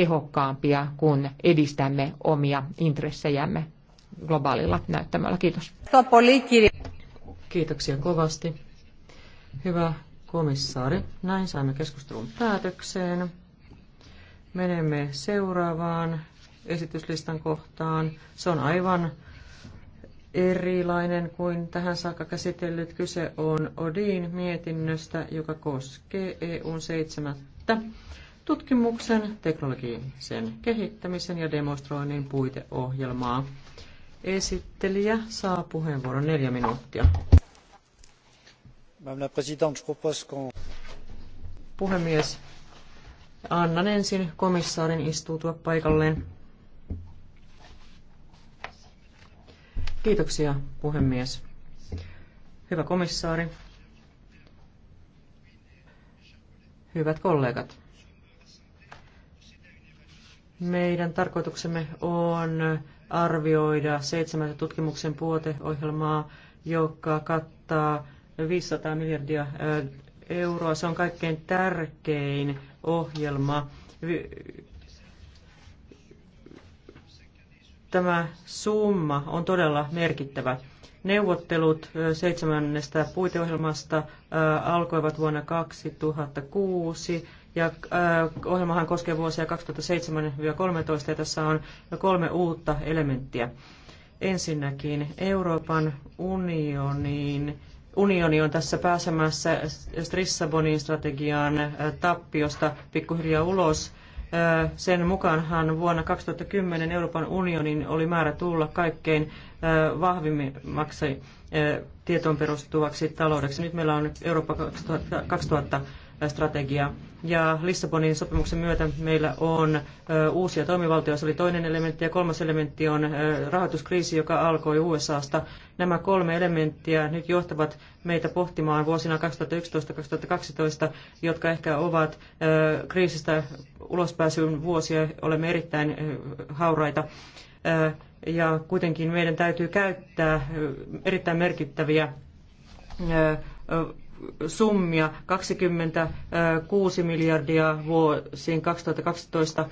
tehokkaampia, kun edistämme omia intressejämme globaalilla näyttämällä. Kiitos. Kiitoksia kovasti. Hyvä komissaari, näin saimme keskustelun päätökseen. Menemme seuraavaan esityslistan kohtaan. Se on aivan erilainen kuin tähän saakka käsitellyt. Kyse on Odin mietinnöstä, joka koskee EUn seitsemättä tutkimuksen, teknologisen kehittämisen ja demonstroinnin puiteohjelmaa. Esittelijä saa puheenvuoron neljä minuuttia. Puhemies, annan ensin komissaarin istuutua paikalleen. Kiitoksia, puhemies. Hyvä komissaari, hyvät kollegat. Meidän tarkoituksemme on arvioida seitsemättä tutkimuksen puoteohjelmaa, joka kattaa 500 miljardia euroa. Se on kaikkein tärkein ohjelma. Tämä summa on todella merkittävä. Neuvottelut seitsemännestä puiteohjelmasta alkoivat vuonna 2006 ja äh, ohjelmahan koskee vuosia 2007-2013 ja tässä on kolme uutta elementtiä. Ensinnäkin Euroopan unionin unioni on tässä pääsemässä Strissabonin strategian äh, tappiosta pikkuhiljaa ulos. Äh, sen mukaanhan vuonna 2010 Euroopan unionin oli määrä tulla kaikkein vahvimmaksi tietoon perustuvaksi taloudeksi. Nyt meillä on Eurooppa 2000 strategia. Ja Lissabonin sopimuksen myötä meillä on uusia toimivaltioita, se oli toinen elementti, ja kolmas elementti on rahoituskriisi, joka alkoi USAsta. Nämä kolme elementtiä nyt johtavat meitä pohtimaan vuosina 2011-2012, jotka ehkä ovat kriisistä ulospääsyn vuosia, olemme erittäin hauraita. Ja kuitenkin meidän täytyy käyttää erittäin merkittäviä summia 26 miljardia vuosiin 2012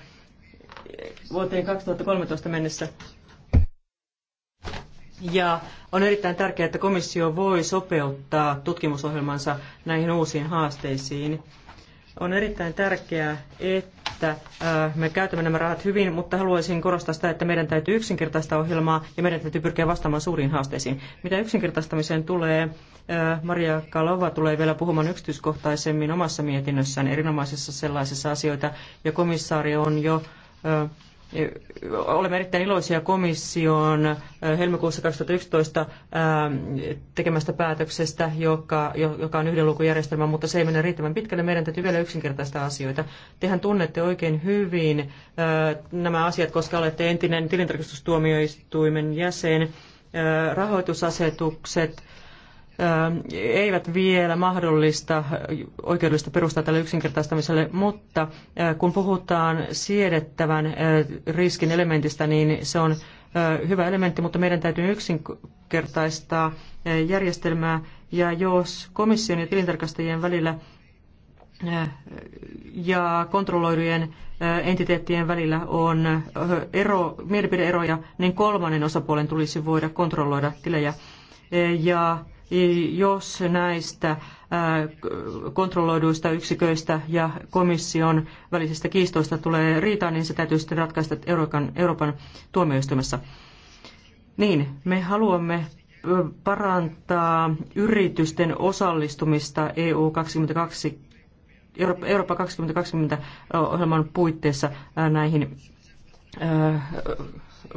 vuoteen 2013 mennessä. Ja on erittäin tärkeää, että komissio voi sopeuttaa tutkimusohjelmansa näihin uusiin haasteisiin. On erittäin tärkeää, että äh, me käytämme nämä rahat hyvin, mutta haluaisin korostaa sitä, että meidän täytyy yksinkertaista ohjelmaa ja meidän täytyy pyrkiä vastaamaan suuriin haasteisiin. Mitä yksinkertaistamiseen tulee, Äh, Maria Kalova tulee vielä puhumaan yksityiskohtaisemmin omassa mietinnössään erinomaisessa sellaisessa asioita, ja komissaari on jo äh, Olemme erittäin iloisia komission äh, helmikuussa 2011 tekemästä päätöksestä, joka, joka on yhden lukujärjestelmä, mutta se ei mene riittävän pitkälle. Meidän täytyy vielä yksinkertaista asioita. Tehän tunnette oikein hyvin nämä asiat, koska olette entinen tilintarkastustuomioistuimen jäsen. Rahoitusasetukset, Ähm, eivät vielä mahdollista oikeudellista perustaa tälle yksinkertaistamiselle, mutta äh, kun puhutaan siedettävän äh, riskin elementistä, niin se on äh, hyvä elementti, mutta meidän täytyy yksinkertaistaa järjestelmää. Ja jos komission ja tilintarkastajien välillä ja kontrolloidujen entiteettien välillä on ero, mielipideeroja, niin kolmannen osapuolen tulisi voida kontrolloida tilejä. Ja jos näistä kontrolloiduista yksiköistä ja komission välisistä kiistoista tulee riitaa, niin se täytyy sitten ratkaista Euroopan, Euroopan tuomioistuimessa. Niin, me haluamme parantaa yritysten osallistumista e EU 22, Eurooppa 2020 ohjelman puitteissa näihin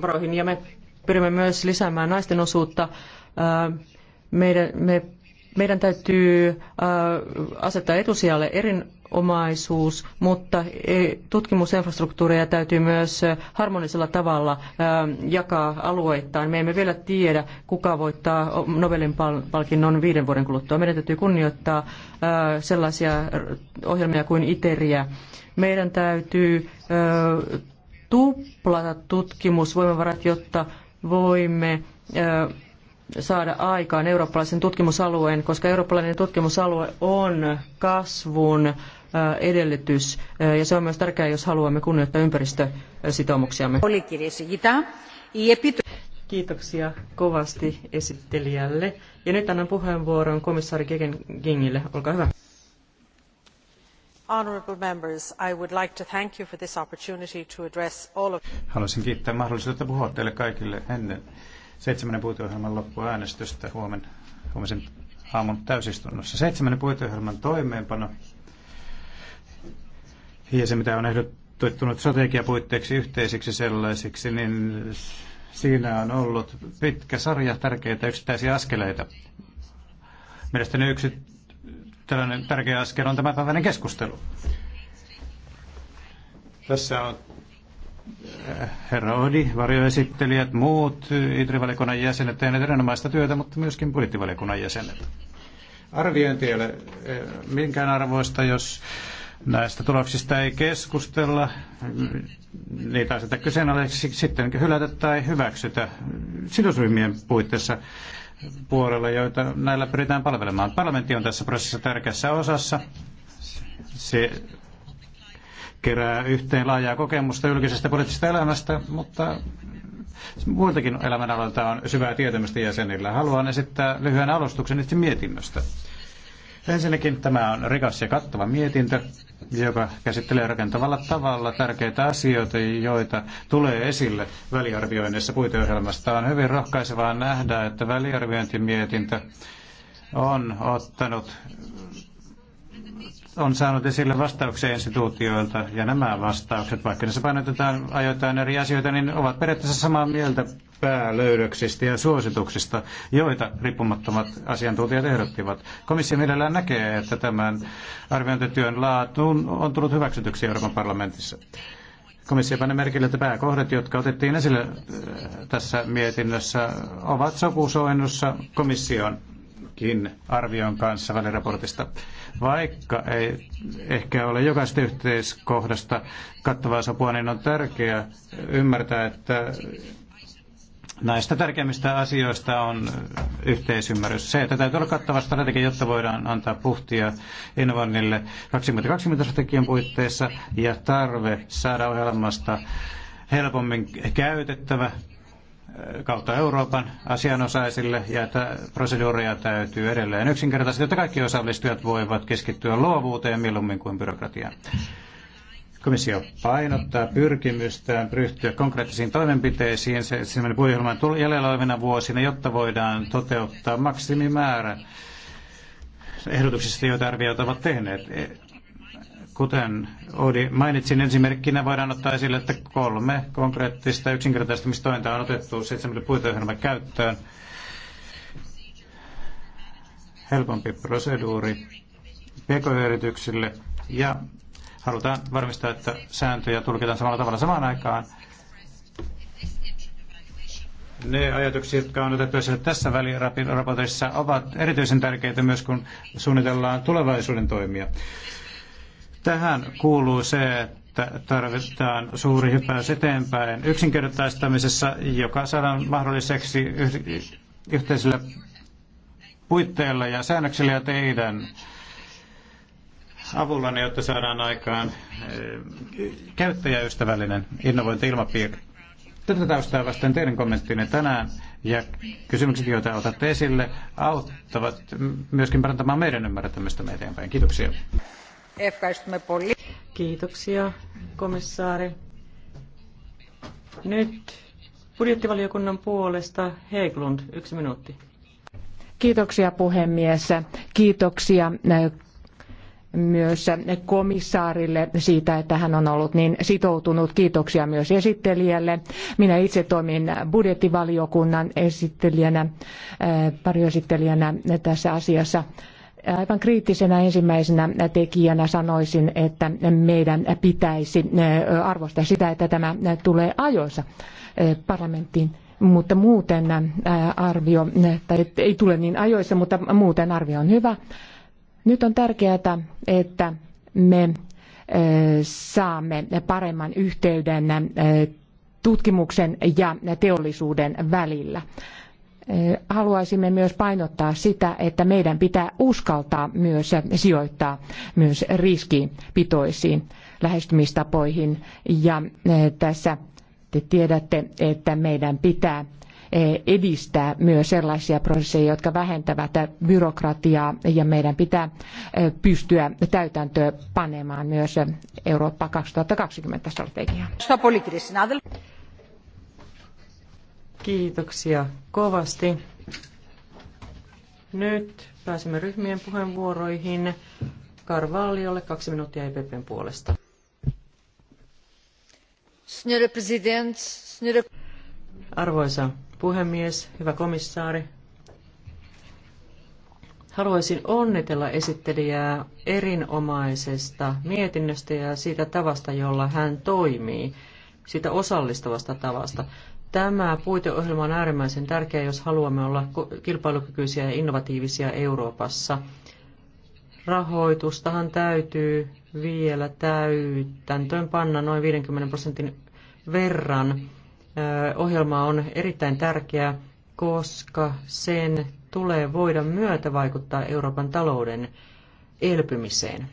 varoihin. Ja me pyrimme myös lisäämään naisten osuutta meidän, me, meidän täytyy äh, asettaa etusijalle erinomaisuus, mutta e, tutkimusinfrastruktuureja täytyy myös harmonisella tavalla äh, jakaa alueittain. Me emme vielä tiedä, kuka voittaa Nobelin palkinnon viiden vuoden kuluttua. Meidän täytyy kunnioittaa äh, sellaisia ohjelmia kuin ITERiä. Meidän täytyy tuplata tutkimusvoimavarat, jotta voimme saada aikaan eurooppalaisen tutkimusalueen, koska eurooppalainen tutkimusalue on kasvun edellytys ja se on myös tärkeää, jos haluamme kunnioittaa ympäristösitoumuksiamme. Kiitoksia kovasti esittelijälle. Ja nyt annan puheenvuoron komissaari Gegengingille. Olkaa hyvä. Honourable members, I would like to thank you for this opportunity to address all of... Haluaisin kiittää mahdollisuutta puhua teille kaikille ennen seitsemännen puiteohjelman loppuäänestystä huomen, huomisen aamun täysistunnossa. Seitsemännen puiteohjelman toimeenpano ja se, mitä on ehdotettunut strategiapuitteiksi yhteisiksi sellaisiksi, niin siinä on ollut pitkä sarja tärkeitä yksittäisiä askeleita. Mielestäni yksi tällainen tärkeä askel on tämänpäiväinen keskustelu. Tässä on herra Odi, varjoesittelijät, muut Itrivaliokunnan jäsenet tehneet erinomaista työtä, mutta myöskin budjettivalikunnan jäsenet. Arviointi ei ole eh, minkään arvoista, jos näistä tuloksista ei keskustella, niitä aseta kyseenalaiseksi, sitten hylätä tai hyväksytä sidosryhmien puitteissa puolella, joita näillä pyritään palvelemaan. Parlamentti on tässä prosessissa tärkeässä osassa. Se kerää yhteen laajaa kokemusta julkisesta poliittisesta elämästä, mutta muiltakin elämänaloilta on syvää tietämystä jäsenillä. Haluan esittää lyhyen alustuksen itse mietinnöstä. Ensinnäkin tämä on rikas ja kattava mietintö, joka käsittelee rakentavalla tavalla tärkeitä asioita, joita tulee esille väliarvioinnissa puiteohjelmasta. On hyvin rohkaisevaa nähdä, että väliarviointimietintö on ottanut on saanut esille vastauksia instituutioilta, ja nämä vastaukset, vaikka niissä painotetaan ajoittain eri asioita, niin ovat periaatteessa samaa mieltä päälöydöksistä ja suosituksista, joita riippumattomat asiantuntijat ehdottivat. Komissio mielellään näkee, että tämän arviointityön laatuun on tullut hyväksytyksi Euroopan parlamentissa. Komissio pani merkille, että pääkohdat, jotka otettiin esille äh, tässä mietinnössä, ovat sopusoinnussa komissionkin arvion kanssa väliraportista. Vaikka ei ehkä ole jokaisesta yhteiskohdasta kattavaa sopua, niin on tärkeää ymmärtää, että näistä tärkeimmistä asioista on yhteisymmärrys. Se, että täytyy olla kattava strategia, jotta voidaan antaa puhtia innovoinnille 2020-strategian puitteissa ja tarve saada ohjelmasta helpommin käytettävä kautta Euroopan asianosaisille ja että proseduuria täytyy edelleen yksinkertaisesti, että kaikki osallistujat voivat keskittyä luovuuteen mieluummin kuin byrokratiaan. Komissio painottaa pyrkimystään ryhtyä konkreettisiin toimenpiteisiin seitsemän puheenjohtajan jäljellä olevina vuosina, jotta voidaan toteuttaa maksimimäärä ehdotuksista, joita arvioit ovat tehneet. Kuten Odi mainitsin esimerkkinä, voidaan ottaa esille, että kolme konkreettista yksinkertaistamistointa on otettu seitsemän puiteohjelman käyttöön. Helpompi proseduuri pk-yrityksille ja halutaan varmistaa, että sääntöjä tulkitaan samalla tavalla samaan aikaan. Ne ajatukset, jotka on otettu esille tässä väliraportissa, ovat erityisen tärkeitä myös, kun suunnitellaan tulevaisuuden toimia. Tähän kuuluu se, että tarvitaan suuri hypäys eteenpäin yksinkertaistamisessa, joka saadaan mahdolliseksi yhteisillä puitteilla ja säännöksillä ja teidän niin jotta saadaan aikaan eh, käyttäjäystävällinen innovointi-ilmapiiri. Tätä taustaa vasten teidän kommenttinne tänään ja kysymykset, joita otatte esille, auttavat myöskin parantamaan meidän ymmärtämistä eteenpäin. Kiitoksia. Kiitoksia, komissaari. Nyt budjettivaliokunnan puolesta Heglund, yksi minuutti. Kiitoksia puhemies. Kiitoksia äh, myös komissaarille siitä, että hän on ollut niin sitoutunut. Kiitoksia myös esittelijälle. Minä itse toimin budjettivaliokunnan esittelijänä, äh, pariesittelijänä tässä asiassa. Aivan kriittisenä ensimmäisenä tekijänä sanoisin, että meidän pitäisi arvostaa sitä, että tämä tulee ajoissa parlamenttiin, mutta muuten arvio, tai ei tule niin ajoissa, mutta muuten arvio on hyvä. Nyt on tärkeää, että me saamme paremman yhteyden tutkimuksen ja teollisuuden välillä haluaisimme myös painottaa sitä, että meidän pitää uskaltaa myös sijoittaa myös riskipitoisiin lähestymistapoihin. Ja tässä te tiedätte, että meidän pitää edistää myös sellaisia prosesseja, jotka vähentävät byrokratiaa ja meidän pitää pystyä täytäntöön panemaan myös Eurooppa 2020 strategiaa. Kiitoksia kovasti. Nyt pääsemme ryhmien puheenvuoroihin. Karvaaliolle kaksi minuuttia EPPn puolesta. Arvoisa puhemies, hyvä komissaari, haluaisin onnitella esittelijää erinomaisesta mietinnöstä ja siitä tavasta, jolla hän toimii, siitä osallistavasta tavasta. Tämä puiteohjelma on äärimmäisen tärkeä, jos haluamme olla kilpailukykyisiä ja innovatiivisia Euroopassa. Rahoitustahan täytyy vielä täytäntöön panna noin 50 prosentin verran. Ohjelma on erittäin tärkeä, koska sen tulee voida vaikuttaa Euroopan talouden elpymiseen.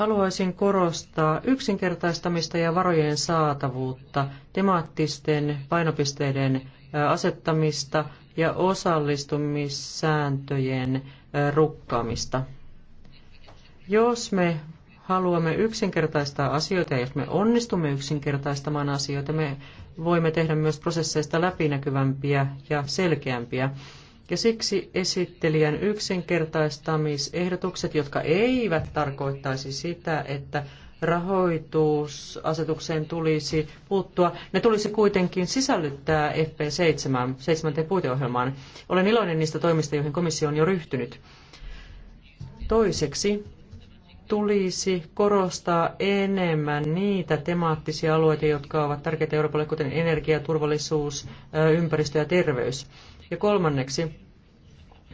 Haluaisin korostaa yksinkertaistamista ja varojen saatavuutta, temaattisten painopisteiden asettamista ja osallistumissääntöjen rukkaamista. Jos me haluamme yksinkertaistaa asioita ja jos me onnistumme yksinkertaistamaan asioita, me voimme tehdä myös prosesseista läpinäkyvämpiä ja selkeämpiä. Ja siksi esittelijän yksinkertaistamisehdotukset, jotka eivät tarkoittaisi sitä, että rahoitusasetukseen tulisi puuttua. Ne tulisi kuitenkin sisällyttää FP7, seitsemänteen puiteohjelmaan. Olen iloinen niistä toimista, joihin komissio on jo ryhtynyt. Toiseksi tulisi korostaa enemmän niitä temaattisia alueita, jotka ovat tärkeitä Euroopalle, kuten energia, turvallisuus, ympäristö ja terveys. Ja kolmanneksi,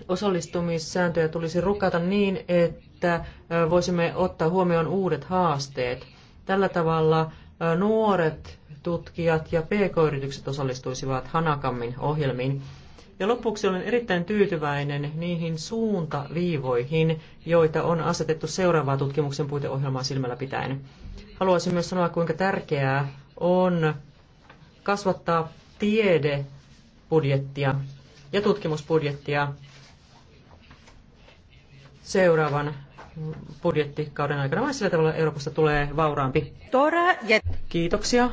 osallistumissääntöjä tulisi rukata niin, että voisimme ottaa huomioon uudet haasteet. Tällä tavalla nuoret tutkijat ja pk-yritykset osallistuisivat Hanakammin ohjelmiin. Ja lopuksi olen erittäin tyytyväinen niihin suuntaviivoihin, joita on asetettu seuraavaa tutkimuksen puiteohjelmaa silmällä pitäen. Haluaisin myös sanoa, kuinka tärkeää on kasvattaa tiedebudjettia ja tutkimusbudjettia seuraavan budjettikauden aikana, vai sillä tavalla Euroopasta tulee vauraampi. Tora ja... Kiitoksia.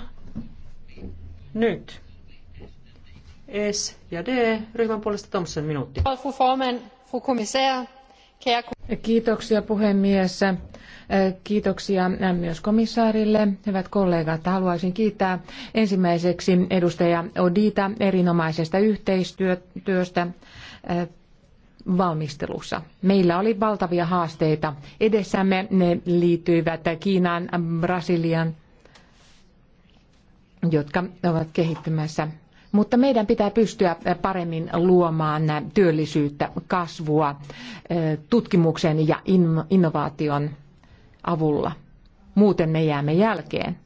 Nyt. S ja D. Ryhmän puolesta Thompson minuutti. Fru forman, fru kommissär, Kiitoksia puhemies. Kiitoksia myös komissaarille. Hyvät kollegat, haluaisin kiittää ensimmäiseksi edustaja Odita erinomaisesta yhteistyöstä valmistelussa. Meillä oli valtavia haasteita. Edessämme ne liittyivät Kiinaan, Brasilian, jotka ovat kehittymässä mutta meidän pitää pystyä paremmin luomaan työllisyyttä, kasvua tutkimuksen ja innovaation avulla. Muuten me jäämme jälkeen.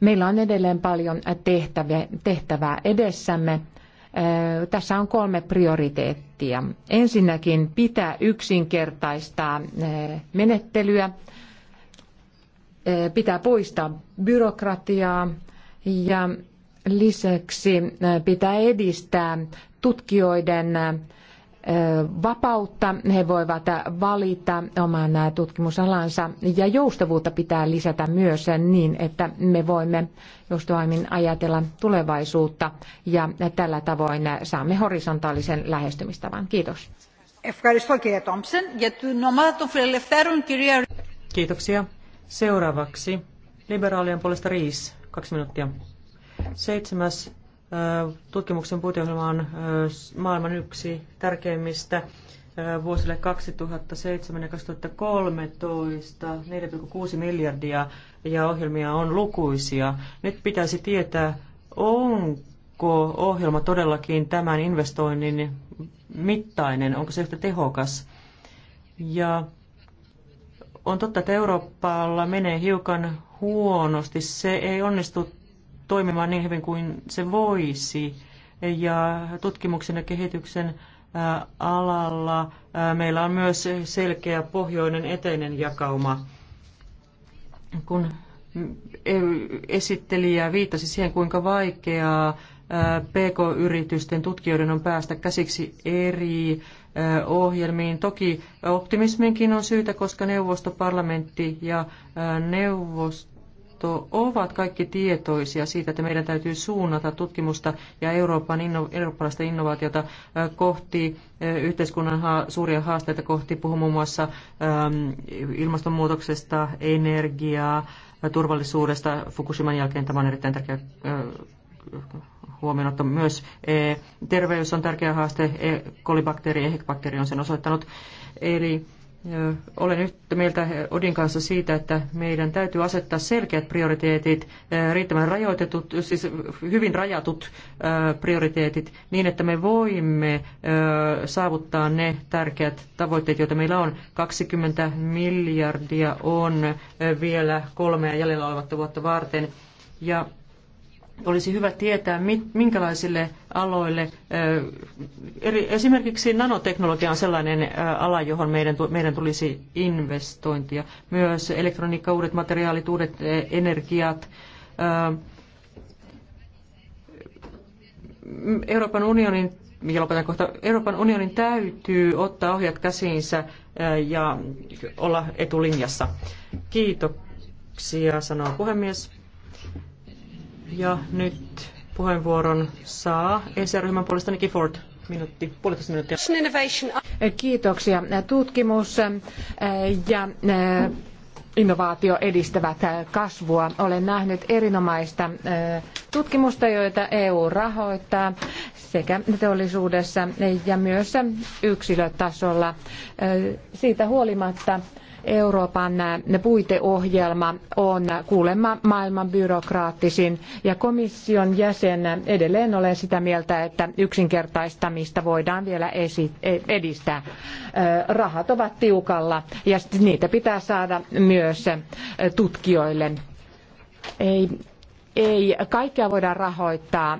Meillä on edelleen paljon tehtävää edessämme. Tässä on kolme prioriteettia. Ensinnäkin pitää yksinkertaistaa menettelyä, pitää poistaa byrokratiaa ja Lisäksi pitää edistää tutkijoiden vapautta. He voivat valita oman tutkimusalansa ja joustavuutta pitää lisätä myös niin, että me voimme joustavammin ajatella tulevaisuutta ja tällä tavoin saamme horisontaalisen lähestymistavan. Kiitos. Kiitoksia. Seuraavaksi liberaalien puolesta Riis, kaksi minuuttia. Seitsemäs tutkimuksen puiteohjelma on maailman yksi tärkeimmistä vuosille 2007 ja 2013 4,6 miljardia ja ohjelmia on lukuisia. Nyt pitäisi tietää, onko ohjelma todellakin tämän investoinnin mittainen, onko se yhtä tehokas. Ja on totta, että Eurooppaalla menee hiukan huonosti. Se ei onnistu toimimaan niin hyvin kuin se voisi. Ja tutkimuksen ja kehityksen alalla meillä on myös selkeä pohjoinen eteinen jakauma. Kun esittelijä viittasi siihen, kuinka vaikeaa PK-yritysten tutkijoiden on päästä käsiksi eri ohjelmiin. Toki optimisminkin on syytä, koska neuvosto, parlamentti ja neuvosto neuvosto ovat kaikki tietoisia siitä, että meidän täytyy suunnata tutkimusta ja Euroopan inno, eurooppalaista innovaatiota kohti yhteiskunnan ha, suuria haasteita kohti. Puhun muun muassa äm, ilmastonmuutoksesta, energiaa, turvallisuudesta. Fukushiman jälkeen tämä on erittäin tärkeä huomioon ottaa myös e, terveys on tärkeä haaste, E. kolibakteeri, ehekbakteeri on sen osoittanut. Eli olen yhtä mieltä Odin kanssa siitä, että meidän täytyy asettaa selkeät prioriteetit, äh, riittävän rajoitetut, siis hyvin rajatut äh, prioriteetit, niin että me voimme äh, saavuttaa ne tärkeät tavoitteet, joita meillä on. 20 miljardia on vielä kolmea jäljellä olevaa vuotta varten. Ja olisi hyvä tietää, minkälaisille aloille, esimerkiksi nanoteknologia on sellainen ala, johon meidän, meidän tulisi investointia. Myös elektroniikka, uudet materiaalit, uudet energiat. Euroopan unionin lopetan kohta, Euroopan unionin täytyy ottaa ohjat käsiinsä ja olla etulinjassa. Kiitoksia, sanoo puhemies. Ja nyt puheenvuoron saa ESR-ryhmän puolesta Nikki Ford. Minuutti, puolitoista minuuttia. Kiitoksia. Tutkimus äh, ja äh, innovaatio edistävät äh, kasvua. Olen nähnyt erinomaista tutkimusta, joita EU rahoittaa sekä teollisuudessa ja myös yksilötasolla. Siitä huolimatta Euroopan puiteohjelma on kuulemma maailman byrokraattisin ja komission jäsen edelleen olen sitä mieltä, että yksinkertaistamista voidaan vielä e, edistää. Rahat ovat tiukalla ja niitä pitää saada myös tutkijoille. Ei ei kaikkea voida rahoittaa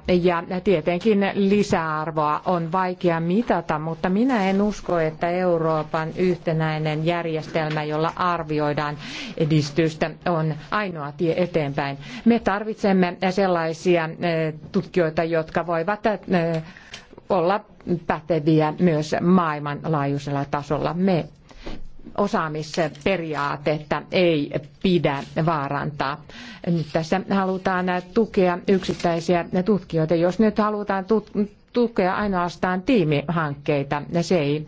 ja tietenkin lisäarvoa on vaikea mitata, mutta minä en usko, että Euroopan yhtenäinen järjestelmä, jolla arvioidaan edistystä, on ainoa tie eteenpäin. Me tarvitsemme sellaisia eh, tutkijoita, jotka voivat eh, olla päteviä myös maailmanlaajuisella tasolla. Me osaamisperiaatetta ei pidä vaarantaa. Nyt tässä halutaan tukea yksittäisiä tutkijoita. Jos nyt halutaan tukea ainoastaan tiimihankkeita, se ei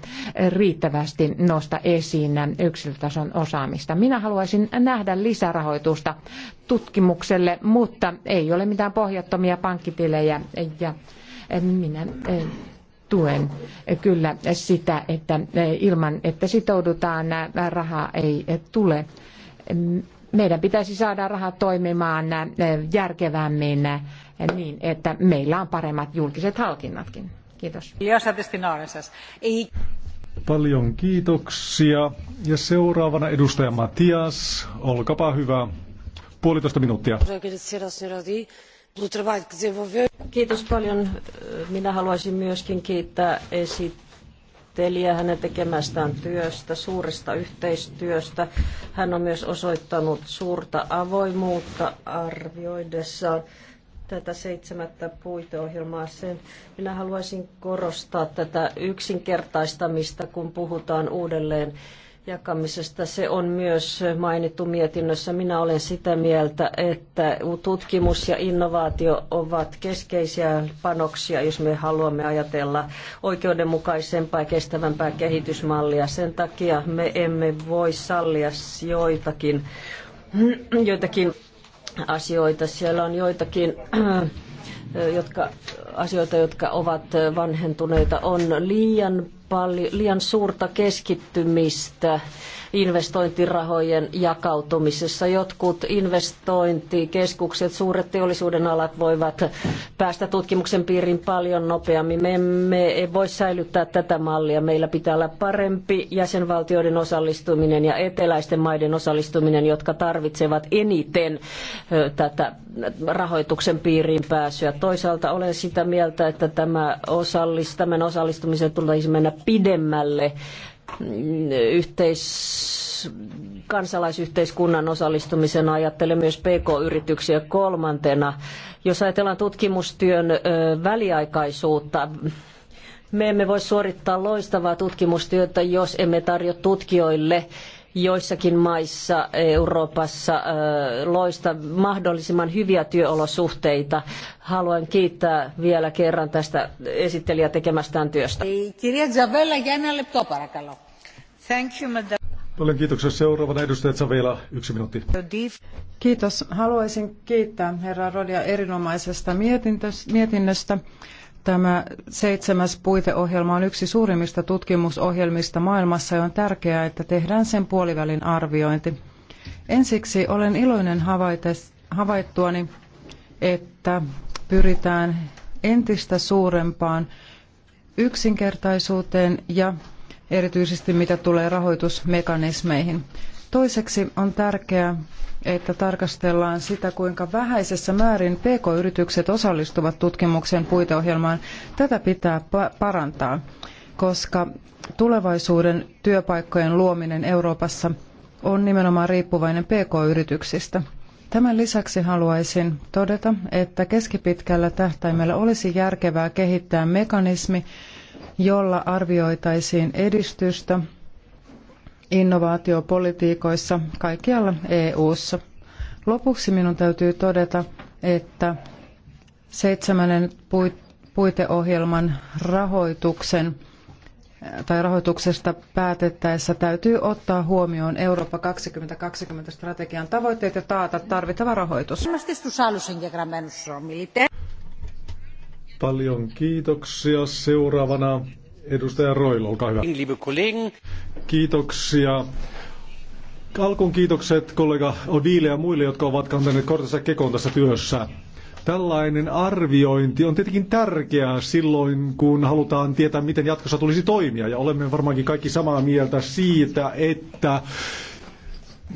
riittävästi nosta esiin yksilötason osaamista. Minä haluaisin nähdä lisärahoitusta tutkimukselle, mutta ei ole mitään pohjattomia pankkitilejä ja minä eh, tuen kyllä sitä, että ilman, että sitoudutaan, rahaa ei tule. Meidän pitäisi saada raha toimimaan järkevämmin niin, että meillä on paremmat julkiset halkinnatkin. Kiitos. Paljon kiitoksia. Ja seuraavana edustaja Matias, olkapa hyvä. Puolitoista minuuttia. Kiitos Minä haluaisin myöskin kiittää esittelijää hänen tekemästään työstä, suuresta yhteistyöstä. Hän on myös osoittanut suurta avoimuutta arvioidessaan tätä seitsemättä puiteohjelmaa. Sen minä haluaisin korostaa tätä yksinkertaistamista, kun puhutaan uudelleen jakamisesta. Se on myös mainittu mietinnössä. Minä olen sitä mieltä, että tutkimus ja innovaatio ovat keskeisiä panoksia, jos me haluamme ajatella oikeudenmukaisempaa ja kestävämpää kehitysmallia. Sen takia me emme voi sallia joitakin, joitakin asioita. Siellä on joitakin jotka, asioita, jotka ovat vanhentuneita, on liian paljon, liian suurta keskittymistä investointirahojen jakautumisessa. Jotkut investointikeskukset, suuret teollisuuden alat voivat päästä tutkimuksen piiriin paljon nopeammin. Me emme voi säilyttää tätä mallia. Meillä pitää olla parempi jäsenvaltioiden osallistuminen ja eteläisten maiden osallistuminen, jotka tarvitsevat eniten tätä rahoituksen piiriin pääsyä. Toisaalta olen sitä mieltä, että tämä osallis, tämän osallistumisen tulisi mennä pidemmälle yhteis, kansalaisyhteiskunnan osallistumisen ajattelen myös PK-yrityksiä kolmantena. Jos ajatellaan tutkimustyön väliaikaisuutta, me emme voi suorittaa loistavaa tutkimustyötä, jos emme tarjoa tutkijoille joissakin maissa Euroopassa loista mahdollisimman hyviä työolosuhteita. Haluan kiittää vielä kerran tästä esittelijä tekemästään työstä. Kirja Isabella, jäänä lepto, parakalo. Paljon kiitoksia. Seuraavana edustaja Savela, yksi minuutti. Kiitos. Haluaisin kiittää herra Rodia erinomaisesta mietinnöstä. Tämä seitsemäs puiteohjelma on yksi suurimmista tutkimusohjelmista maailmassa ja on tärkeää, että tehdään sen puolivälin arviointi. Ensiksi olen iloinen havaittuani, että pyritään entistä suurempaan yksinkertaisuuteen ja erityisesti mitä tulee rahoitusmekanismeihin. Toiseksi on tärkeää, että tarkastellaan sitä, kuinka vähäisessä määrin pk-yritykset osallistuvat tutkimuksen puiteohjelmaan. Tätä pitää parantaa, koska tulevaisuuden työpaikkojen luominen Euroopassa on nimenomaan riippuvainen pk-yrityksistä. Tämän lisäksi haluaisin todeta, että keskipitkällä tähtäimellä olisi järkevää kehittää mekanismi, jolla arvioitaisiin edistystä innovaatiopolitiikoissa kaikkialla EU:ssa. Lopuksi minun täytyy todeta, että seitsemännen puiteohjelman rahoituksen äh, tai rahoituksesta päätettäessä täytyy ottaa huomioon Eurooppa 2020 strategian tavoitteet ja taata tarvittava rahoitus. Paljon kiitoksia. Seuraavana edustaja Roil, olkaa hyvä. Kiitoksia. Alkuun kiitokset kollega Odile ja muille, jotka ovat kantaneet kortensa kekoon tässä työssä. Tällainen arviointi on tietenkin tärkeää silloin, kun halutaan tietää, miten jatkossa tulisi toimia. Ja olemme varmaankin kaikki samaa mieltä siitä, että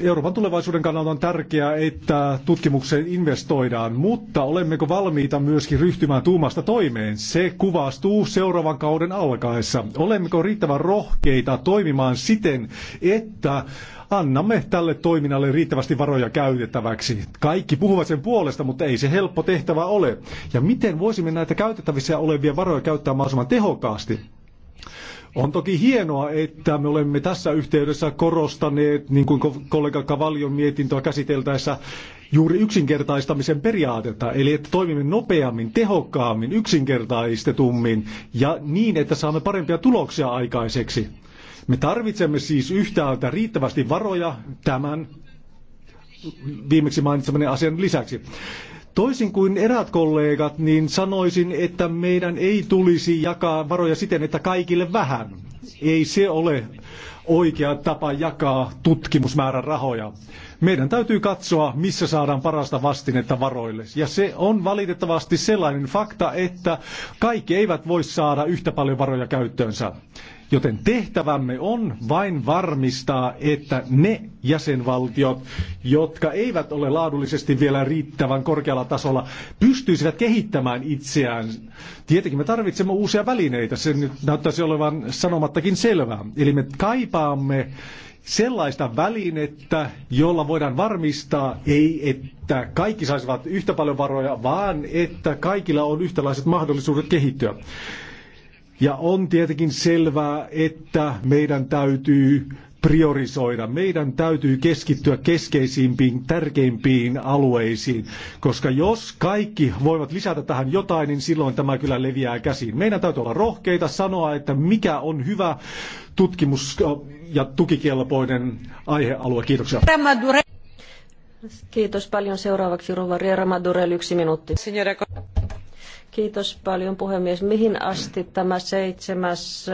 Euroopan tulevaisuuden kannalta on tärkeää, että tutkimukseen investoidaan, mutta olemmeko valmiita myöskin ryhtymään tuumasta toimeen? Se kuvastuu seuraavan kauden alkaessa. Olemmeko riittävän rohkeita toimimaan siten, että annamme tälle toiminnalle riittävästi varoja käytettäväksi? Kaikki puhuvat sen puolesta, mutta ei se helppo tehtävä ole. Ja miten voisimme näitä käytettävissä olevia varoja käyttää mahdollisimman tehokkaasti? On toki hienoa, että me olemme tässä yhteydessä korostaneet, niin kuin kollega Kavaljon mietintöä käsiteltäessä, juuri yksinkertaistamisen periaatetta, eli että toimimme nopeammin, tehokkaammin, yksinkertaistetummin ja niin, että saamme parempia tuloksia aikaiseksi. Me tarvitsemme siis yhtäältä riittävästi varoja tämän viimeksi mainitsemani asian lisäksi. Toisin kuin eräät kollegat, niin sanoisin, että meidän ei tulisi jakaa varoja siten, että kaikille vähän. Ei se ole oikea tapa jakaa tutkimusmäärärahoja. Meidän täytyy katsoa, missä saadaan parasta vastinetta varoille. Ja se on valitettavasti sellainen fakta, että kaikki eivät voi saada yhtä paljon varoja käyttöönsä. Joten tehtävämme on vain varmistaa, että ne jäsenvaltiot, jotka eivät ole laadullisesti vielä riittävän korkealla tasolla, pystyisivät kehittämään itseään. Tietenkin me tarvitsemme uusia välineitä, se nyt näyttäisi olevan sanomattakin selvää. Eli me kaipaamme sellaista välinettä, jolla voidaan varmistaa, ei että kaikki saisivat yhtä paljon varoja, vaan että kaikilla on yhtäläiset mahdollisuudet kehittyä. Ja on tietenkin selvää, että meidän täytyy priorisoida. Meidän täytyy keskittyä keskeisimpiin, tärkeimpiin alueisiin, koska jos kaikki voivat lisätä tähän jotain, niin silloin tämä kyllä leviää käsiin. Meidän täytyy olla rohkeita sanoa, että mikä on hyvä tutkimus- ja tukikelpoinen aihealue. Kiitoksia. Kiitos paljon. Seuraavaksi yksi minuutti. Kiitos paljon puhemies. Mihin asti tämä seitsemäs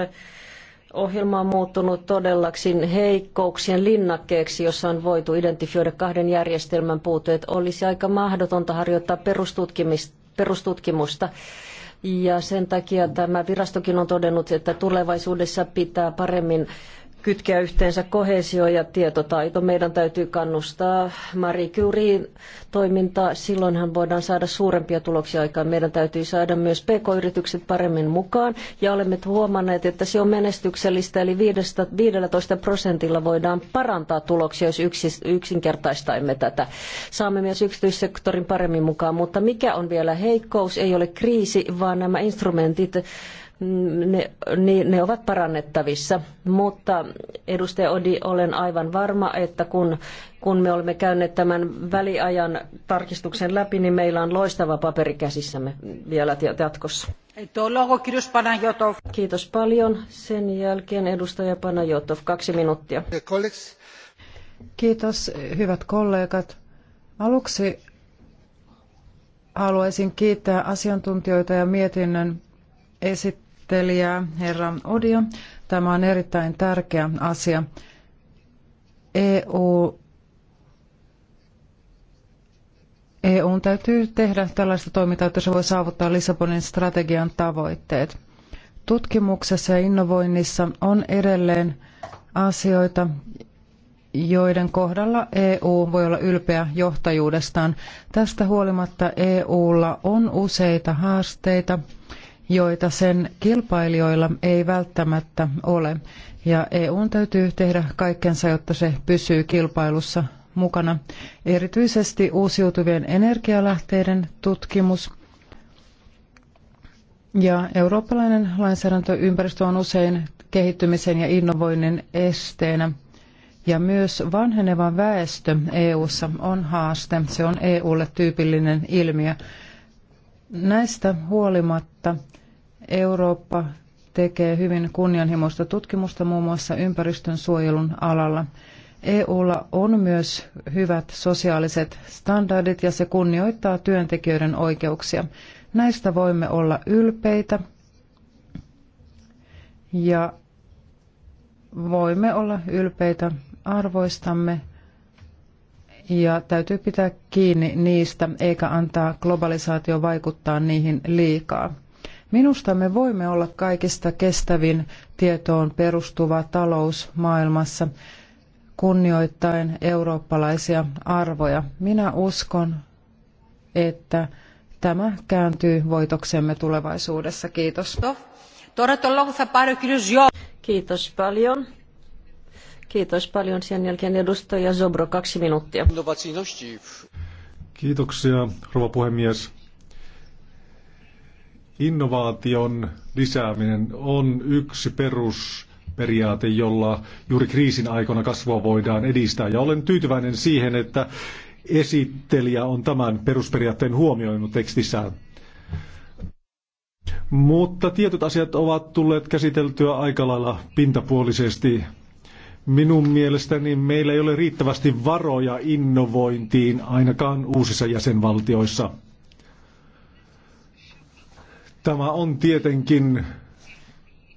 ohjelma on muuttunut todellaksi heikkouksien linnakkeeksi, jossa on voitu identifioida kahden järjestelmän puutteet. Olisi aika mahdotonta harjoittaa perustutkimusta. Ja sen takia tämä virastokin on todennut, että tulevaisuudessa pitää paremmin kytkeä yhteensä kohesio ja tietotaito. Meidän täytyy kannustaa Marie Curien toimintaa. Silloinhan voidaan saada suurempia tuloksia aikaan. Meidän täytyy saada myös pk-yritykset paremmin mukaan. Ja olemme huomanneet, että se on menestyksellistä, eli 15 prosentilla voidaan parantaa tuloksia, jos yksinkertaistamme tätä. Saamme myös yksityissektorin paremmin mukaan, mutta mikä on vielä heikkous? Ei ole kriisi, vaan nämä instrumentit ne, ne, ne ovat parannettavissa. Mutta edustaja Odi, olen aivan varma, että kun, kun me olemme käyneet tämän väliajan tarkistuksen läpi, niin meillä on loistava paperi käsissämme vielä jatkossa. Kiitos paljon. Sen jälkeen edustaja Panajotov, kaksi minuuttia. Kiitos, hyvät kollegat. Aluksi haluaisin kiittää asiantuntijoita ja mietinnön esittää esittelijää, herra Odio. Tämä on erittäin tärkeä asia. EU EUn täytyy tehdä tällaista toimintaa, että se voi saavuttaa Lissabonin strategian tavoitteet. Tutkimuksessa ja innovoinnissa on edelleen asioita, joiden kohdalla EU voi olla ylpeä johtajuudestaan. Tästä huolimatta EUlla on useita haasteita joita sen kilpailijoilla ei välttämättä ole. Ja EUn täytyy tehdä kaikkensa, jotta se pysyy kilpailussa mukana. Erityisesti uusiutuvien energialähteiden tutkimus ja eurooppalainen lainsäädäntöympäristö on usein kehittymisen ja innovoinnin esteenä. Ja myös vanheneva väestö EU:ssa on haaste. Se on EUlle tyypillinen ilmiö. Näistä huolimatta Eurooppa tekee hyvin kunnianhimoista tutkimusta muun muassa ympäristön suojelun alalla. EUlla on myös hyvät sosiaaliset standardit ja se kunnioittaa työntekijöiden oikeuksia. Näistä voimme olla ylpeitä ja voimme olla ylpeitä arvoistamme ja täytyy pitää kiinni niistä eikä antaa globalisaatio vaikuttaa niihin liikaa. Minusta me voimme olla kaikista kestävin tietoon perustuva talous maailmassa kunnioittain eurooppalaisia arvoja. Minä uskon, että tämä kääntyy voitoksemme tulevaisuudessa. Kiitos. Kiitos paljon. Kiitos paljon. Sen jälkeen edustaja Zobro, kaksi minuuttia. Kiitoksia, rouva puhemies. Innovaation lisääminen on yksi perusperiaate, jolla juuri kriisin aikana kasvua voidaan edistää. Ja olen tyytyväinen siihen, että esittelijä on tämän perusperiaatteen huomioinut tekstissään. Mutta tietyt asiat ovat tulleet käsiteltyä aika lailla pintapuolisesti. Minun mielestäni meillä ei ole riittävästi varoja innovointiin, ainakaan uusissa jäsenvaltioissa. Tämä on tietenkin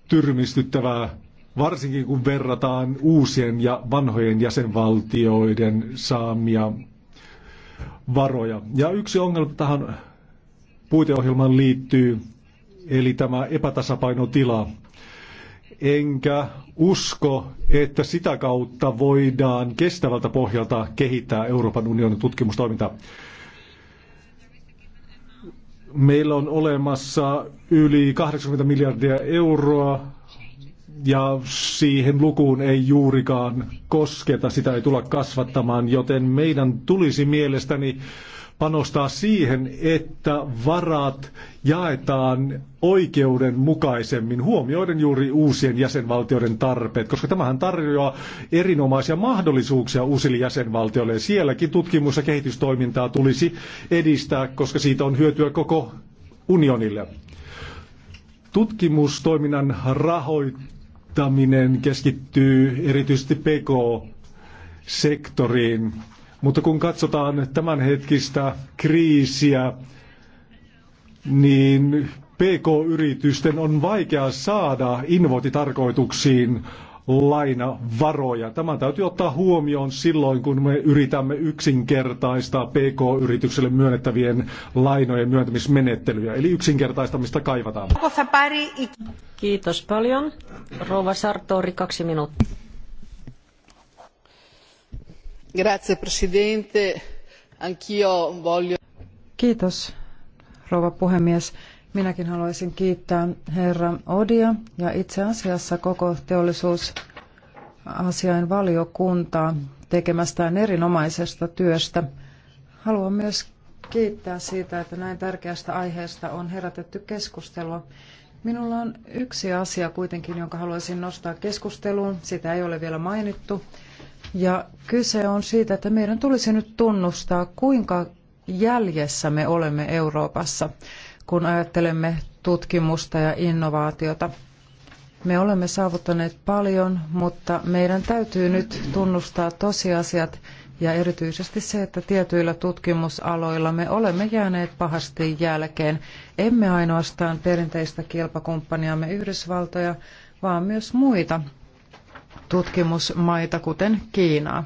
tyrmistyttävää, varsinkin kun verrataan uusien ja vanhojen jäsenvaltioiden saamia varoja. Ja yksi ongelma tähän puiteohjelmaan liittyy, eli tämä epätasapainotila. Enkä usko, että sitä kautta voidaan kestävältä pohjalta kehittää Euroopan unionin tutkimustoimintaa. Meillä on olemassa yli 80 miljardia euroa ja siihen lukuun ei juurikaan kosketa, sitä ei tulla kasvattamaan, joten meidän tulisi mielestäni panostaa siihen, että varat jaetaan oikeudenmukaisemmin, huomioiden juuri uusien jäsenvaltioiden tarpeet, koska tämähän tarjoaa erinomaisia mahdollisuuksia uusille jäsenvaltioille. Ja sielläkin tutkimus- ja kehitystoimintaa tulisi edistää, koska siitä on hyötyä koko unionille. Tutkimustoiminnan rahoittaminen keskittyy erityisesti PK-sektoriin mutta kun katsotaan tämänhetkistä kriisiä, niin PK-yritysten on vaikea saada invoititarkoituksiin lainavaroja. Tämä täytyy ottaa huomioon silloin, kun me yritämme yksinkertaistaa PK-yritykselle myönnettävien lainojen myöntämismenettelyjä. Eli yksinkertaistamista kaivataan. Kiitos paljon. Rouva Sartori, kaksi minuuttia. Kiitos, arvoisa puhemies. Minäkin haluaisin kiittää herra Odia ja itse asiassa koko teollisuusasiain valiokuntaa tekemästään erinomaisesta työstä. Haluan myös kiittää siitä, että näin tärkeästä aiheesta on herätetty keskustelua. Minulla on yksi asia kuitenkin, jonka haluaisin nostaa keskusteluun. Sitä ei ole vielä mainittu. Ja kyse on siitä, että meidän tulisi nyt tunnustaa, kuinka jäljessä me olemme Euroopassa, kun ajattelemme tutkimusta ja innovaatiota. Me olemme saavuttaneet paljon, mutta meidän täytyy nyt tunnustaa tosiasiat ja erityisesti se, että tietyillä tutkimusaloilla me olemme jääneet pahasti jälkeen. Emme ainoastaan perinteistä kilpakumppaniamme Yhdysvaltoja, vaan myös muita tutkimusmaita, kuten Kiinaa.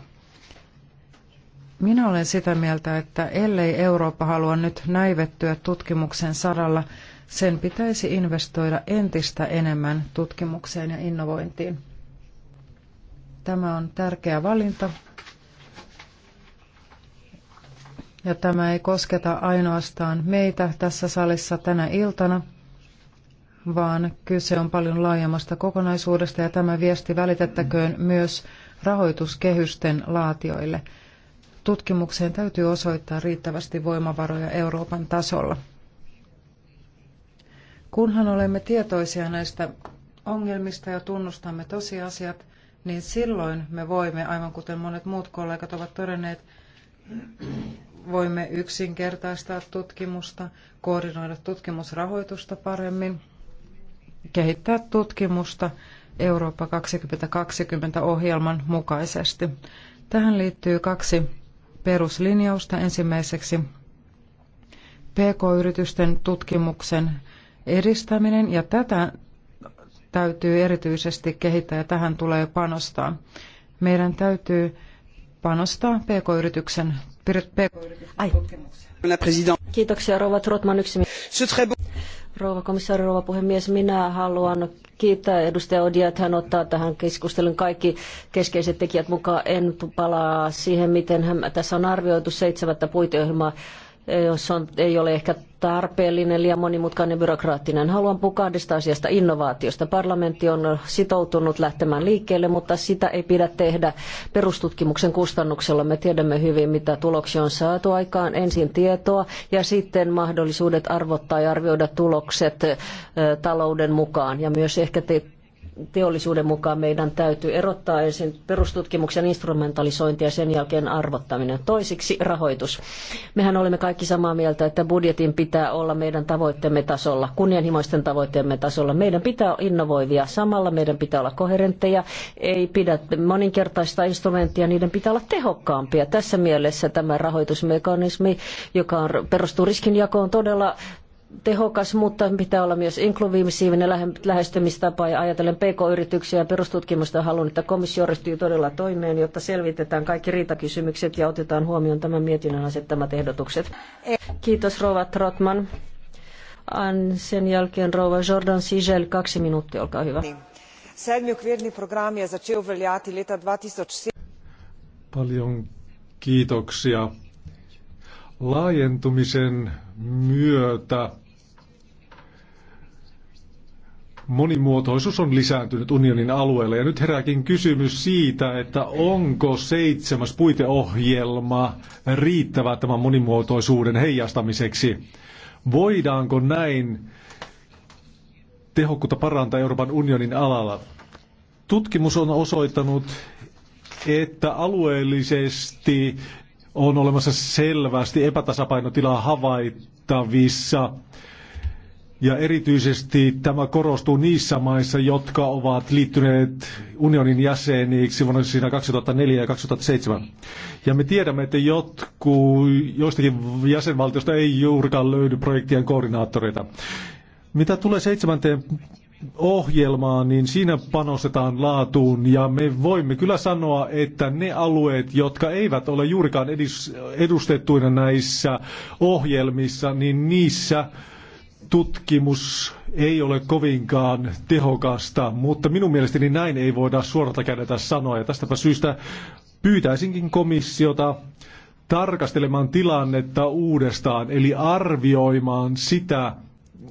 Minä olen sitä mieltä, että ellei Eurooppa halua nyt näivettyä tutkimuksen saralla, sen pitäisi investoida entistä enemmän tutkimukseen ja innovointiin. Tämä on tärkeä valinta. Ja tämä ei kosketa ainoastaan meitä tässä salissa tänä iltana, vaan kyse on paljon laajemmasta kokonaisuudesta ja tämä viesti välitettäköön myös rahoituskehysten laatioille. Tutkimukseen täytyy osoittaa riittävästi voimavaroja Euroopan tasolla. Kunhan olemme tietoisia näistä ongelmista ja tunnustamme tosiasiat, niin silloin me voimme, aivan kuten monet muut kollegat ovat todenneet, voimme yksinkertaistaa tutkimusta, koordinoida tutkimusrahoitusta paremmin, kehittää tutkimusta Eurooppa 2020-ohjelman mukaisesti. Tähän liittyy kaksi peruslinjausta. Ensimmäiseksi PK-yritysten tutkimuksen edistäminen ja tätä täytyy erityisesti kehittää ja tähän tulee panostaa. Meidän täytyy panostaa PK-yrityksen PK tutkimukseen. Kiitoksia Rova Trotman yksi. Rouva komissaari, rouva puhemies, minä haluan kiittää edustaja Odia, että hän ottaa tähän keskustelun kaikki keskeiset tekijät mukaan. En palaa siihen, miten hän, tässä on arvioitu seitsemättä puiteohjelmaa jos on, ei ole ehkä tarpeellinen, liian monimutkainen byrokraattinen. Haluan puhua kahdesta asiasta innovaatiosta. Parlamentti on sitoutunut lähtemään liikkeelle, mutta sitä ei pidä tehdä perustutkimuksen kustannuksella. Me tiedämme hyvin, mitä tuloksia on saatu aikaan. Ensin tietoa ja sitten mahdollisuudet arvottaa ja arvioida tulokset talouden mukaan ja myös ehkä te teollisuuden mukaan meidän täytyy erottaa ensin perustutkimuksen instrumentalisointi ja sen jälkeen arvottaminen. Toisiksi rahoitus. Mehän olemme kaikki samaa mieltä, että budjetin pitää olla meidän tavoitteemme tasolla, kunnianhimoisten tavoitteemme tasolla. Meidän pitää olla innovoivia, samalla meidän pitää olla koherentteja, ei pidä moninkertaista instrumenttia, niiden pitää olla tehokkaampia. Tässä mielessä tämä rahoitusmekanismi, joka perustuu riskinjakoon, todella tehokas, mutta pitää olla myös inklusiivinen lähestymistapa ja ajatellen PK-yrityksiä ja perustutkimusta haluan, että komissio ryhtyy todella toimeen, jotta selvitetään kaikki riitakysymykset ja otetaan huomioon tämän mietinnön asettamat ehdotukset. Kiitos Rova Trotman. Sen jälkeen Rova Jordan Sigel, kaksi minuuttia, olkaa hyvä. Paljon kiitoksia laajentumisen myötä monimuotoisuus on lisääntynyt unionin alueella. Ja nyt herääkin kysymys siitä, että onko seitsemäs puiteohjelma riittävä tämän monimuotoisuuden heijastamiseksi. Voidaanko näin tehokkuutta parantaa Euroopan unionin alalla? Tutkimus on osoittanut, että alueellisesti on olemassa selvästi epätasapainotilaa havaittavissa ja erityisesti tämä korostuu niissä maissa, jotka ovat liittyneet unionin jäseniksi vuonna 2004 ja 2007. Ja me tiedämme, että jotkut, joistakin jäsenvaltiosta ei juurikaan löydy projektien koordinaattoreita. Mitä tulee seitsemänteen ohjelmaan, niin siinä panostetaan laatuun ja me voimme kyllä sanoa, että ne alueet, jotka eivät ole juurikaan edustettuina näissä ohjelmissa, niin niissä tutkimus ei ole kovinkaan tehokasta, mutta minun mielestäni näin ei voida suorata kädetä sanoa. Ja tästäpä syystä pyytäisinkin komissiota tarkastelemaan tilannetta uudestaan, eli arvioimaan sitä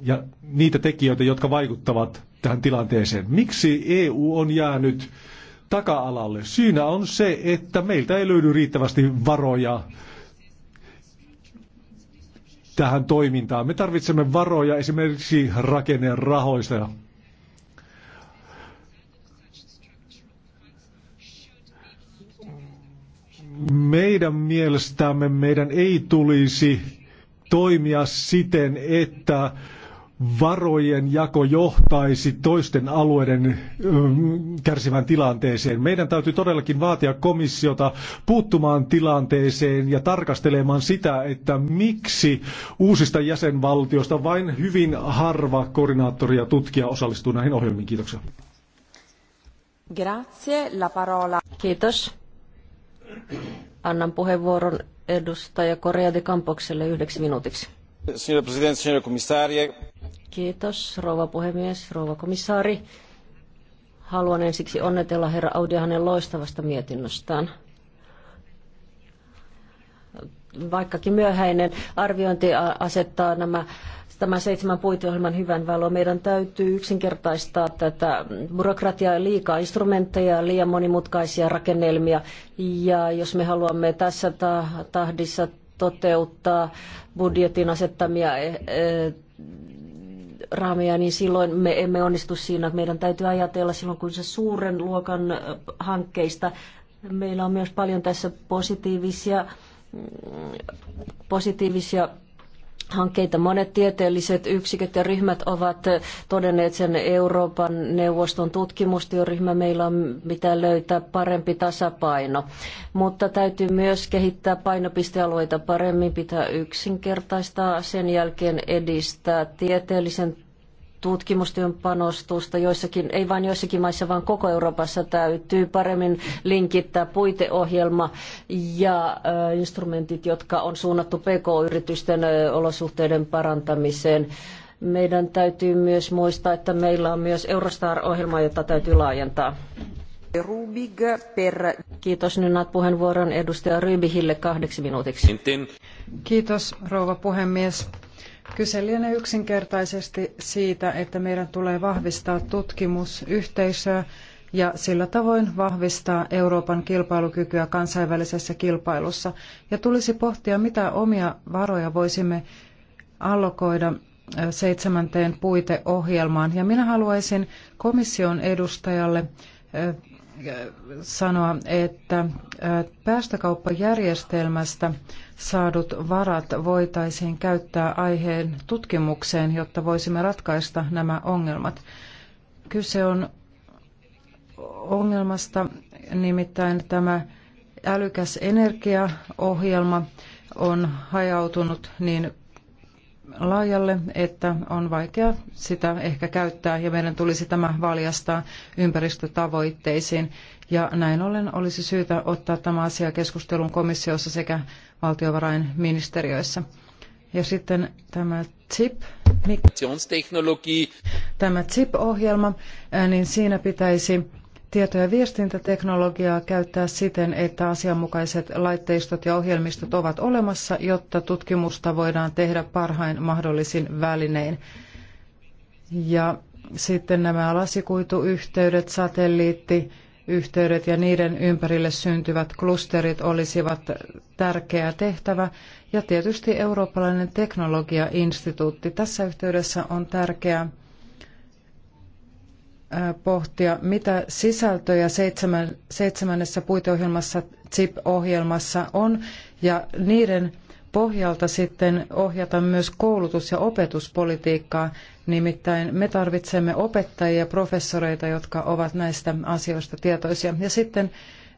ja niitä tekijöitä, jotka vaikuttavat tähän tilanteeseen. Miksi EU on jäänyt taka-alalle? Syynä on se, että meiltä ei löydy riittävästi varoja tähän toimintaan. Me tarvitsemme varoja esimerkiksi rahoista. Meidän mielestämme meidän ei tulisi toimia siten, että varojen jako johtaisi toisten alueiden mm, kärsivään tilanteeseen. Meidän täytyy todellakin vaatia komissiota puuttumaan tilanteeseen ja tarkastelemaan sitä, että miksi uusista jäsenvaltioista vain hyvin harva koordinaattori ja tutkija osallistuu näihin ohjelmiin. Kiitoksia. Grazie, la parola. Kiitos. Annan puheenvuoron edustaja Korea de Campokselle yhdeksi minuutiksi. Signora Presidente, signora Commissaria, Kiitos, rouva puhemies, rouva komissaari. Haluan ensiksi onnetella herra Audia hänen loistavasta mietinnöstään vaikkakin myöhäinen arviointi asettaa nämä tämän seitsemän puiteohjelman hyvän valon. Meidän täytyy yksinkertaistaa tätä byrokratiaa liikaa instrumentteja, liian monimutkaisia rakennelmia. Ja jos me haluamme tässä tahdissa toteuttaa budjetin asettamia e- e- raameja, niin silloin me emme onnistu siinä. Meidän täytyy ajatella silloin, kun se suuren luokan äh, hankkeista. Meillä on myös paljon tässä positiivisia, mm, positiivisia hankkeita. Monet tieteelliset yksiköt ja ryhmät ovat todenneet sen Euroopan neuvoston tutkimustyöryhmä. Meillä on mitä löytää parempi tasapaino, mutta täytyy myös kehittää painopistealueita paremmin, pitää yksinkertaistaa, sen jälkeen edistää tieteellisen tutkimustyön panostusta joissakin, ei vain joissakin maissa, vaan koko Euroopassa täytyy paremmin linkittää puiteohjelma ja instrumentit, jotka on suunnattu PK-yritysten olosuhteiden parantamiseen. Meidän täytyy myös muistaa, että meillä on myös Eurostar-ohjelma, jota täytyy laajentaa. Rubig per... Kiitos. Nyt puheenvuoron edustaja Rybihille kahdeksi minuutiksi. Kiitos rouva puhemies. Kyse lienee yksinkertaisesti siitä, että meidän tulee vahvistaa tutkimusyhteisöä ja sillä tavoin vahvistaa Euroopan kilpailukykyä kansainvälisessä kilpailussa. Ja tulisi pohtia, mitä omia varoja voisimme allokoida seitsemänteen puiteohjelmaan. Ja minä haluaisin komission edustajalle sanoa, että päästökauppajärjestelmästä saadut varat voitaisiin käyttää aiheen tutkimukseen, jotta voisimme ratkaista nämä ongelmat. Kyse on ongelmasta, nimittäin tämä älykäs energiaohjelma on hajautunut niin laajalle, että on vaikea sitä ehkä käyttää ja meidän tulisi tämä valjastaa ympäristötavoitteisiin. Ja näin ollen olisi syytä ottaa tämä asia keskustelun komissiossa sekä valtiovarainministeriöissä. Ja sitten tämä CHIP, tämä CHIP-ohjelma, niin siinä pitäisi tieto- ja viestintäteknologiaa käyttää siten, että asianmukaiset laitteistot ja ohjelmistot ovat olemassa, jotta tutkimusta voidaan tehdä parhain mahdollisin välinein. Ja sitten nämä lasikuituyhteydet, satelliitti, yhteydet ja niiden ympärille syntyvät klusterit olisivat tärkeä tehtävä. Ja tietysti eurooppalainen teknologiainstituutti tässä yhteydessä on tärkeää pohtia, mitä sisältöjä seitsemän, seitsemännessä puiteohjelmassa, CIP-ohjelmassa on, ja niiden pohjalta sitten ohjata myös koulutus- ja opetuspolitiikkaa. Nimittäin me tarvitsemme opettajia ja professoreita, jotka ovat näistä asioista tietoisia. Ja sitten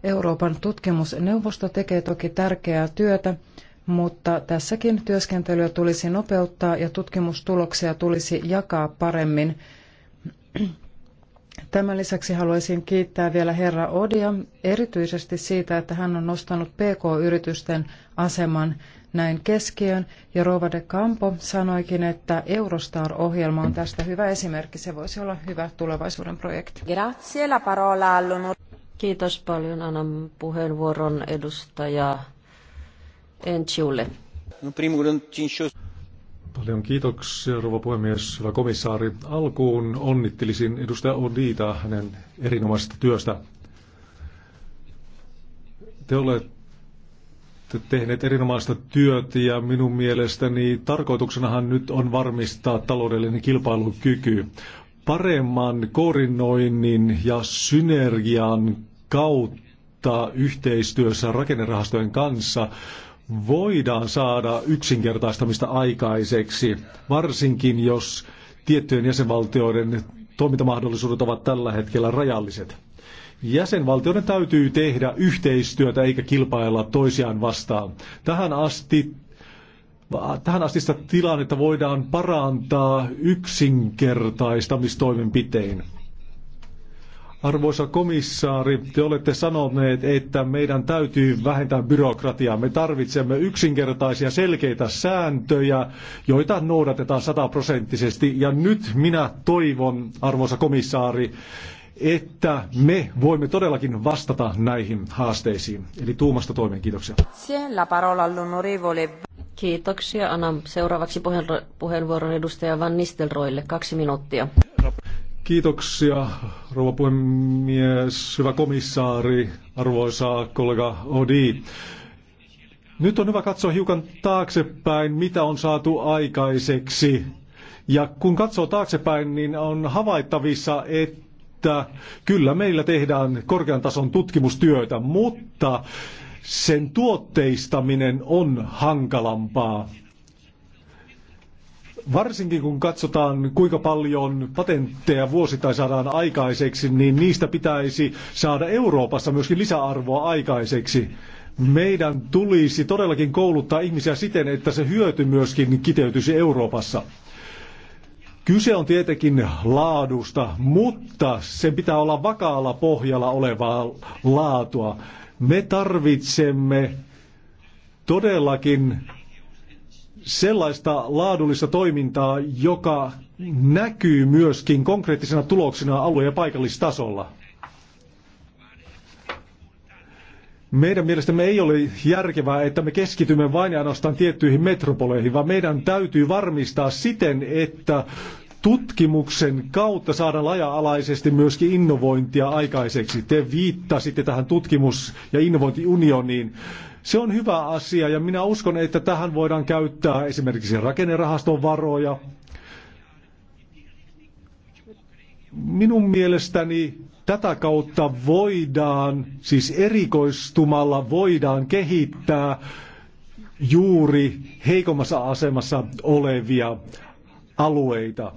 Euroopan tutkimusneuvosto tekee toki tärkeää työtä, mutta tässäkin työskentelyä tulisi nopeuttaa ja tutkimustuloksia tulisi jakaa paremmin Tämän lisäksi haluaisin kiittää vielä herra Odia erityisesti siitä, että hän on nostanut PK-yritysten aseman näin keskiön. Ja Rova de Campo sanoikin, että Eurostar-ohjelma on tästä hyvä esimerkki. Se voisi olla hyvä tulevaisuuden projekti. Grazie, la parola Kiitos paljon. Annan puheenvuoron edustaja Enciulle. No, Paljon kiitoksia, rouva puhemies, hyvä komissaari. Alkuun onnittelisin edustaja Odiita hänen erinomaisesta työstä. Te olette tehneet erinomaista työtä ja minun mielestäni tarkoituksenahan nyt on varmistaa taloudellinen kilpailukyky. Paremman koordinoinnin ja synergian kautta yhteistyössä rakennerahastojen kanssa voidaan saada yksinkertaistamista aikaiseksi, varsinkin jos tiettyjen jäsenvaltioiden toimintamahdollisuudet ovat tällä hetkellä rajalliset. Jäsenvaltioiden täytyy tehdä yhteistyötä eikä kilpailla toisiaan vastaan. Tähän asti Tähän sitä tilannetta voidaan parantaa yksinkertaistamistoimenpitein. Arvoisa komissaari, te olette sanoneet, että meidän täytyy vähentää byrokratiaa. Me tarvitsemme yksinkertaisia selkeitä sääntöjä, joita noudatetaan sataprosenttisesti. Ja nyt minä toivon, arvoisa komissaari, että me voimme todellakin vastata näihin haasteisiin. Eli tuumasta toimeen, kiitoksia. Kiitoksia. Annan seuraavaksi puheenvuoron edustaja Van Nistelroille. Kaksi minuuttia. Kiitoksia, rouva puhemies, hyvä komissaari, arvoisa kollega Odi. Nyt on hyvä katsoa hiukan taaksepäin, mitä on saatu aikaiseksi. Ja kun katsoo taaksepäin, niin on havaittavissa, että kyllä meillä tehdään korkean tason tutkimustyötä, mutta sen tuotteistaminen on hankalampaa. Varsinkin kun katsotaan, kuinka paljon patentteja vuosittain saadaan aikaiseksi, niin niistä pitäisi saada Euroopassa myöskin lisäarvoa aikaiseksi. Meidän tulisi todellakin kouluttaa ihmisiä siten, että se hyöty myöskin kiteytyisi Euroopassa. Kyse on tietenkin laadusta, mutta sen pitää olla vakaalla pohjalla olevaa laatua. Me tarvitsemme todellakin sellaista laadullista toimintaa, joka näkyy myöskin konkreettisena tuloksena alue- ja paikallistasolla. Meidän mielestämme ei ole järkevää, että me keskitymme vain ainoastaan tiettyihin metropoleihin, vaan meidän täytyy varmistaa siten, että tutkimuksen kautta saada laaja-alaisesti myöskin innovointia aikaiseksi. Te viittasitte tähän tutkimus- ja innovointiunioniin. Se on hyvä asia ja minä uskon, että tähän voidaan käyttää esimerkiksi rakennerahaston varoja. Minun mielestäni tätä kautta voidaan, siis erikoistumalla voidaan kehittää juuri heikommassa asemassa olevia alueita.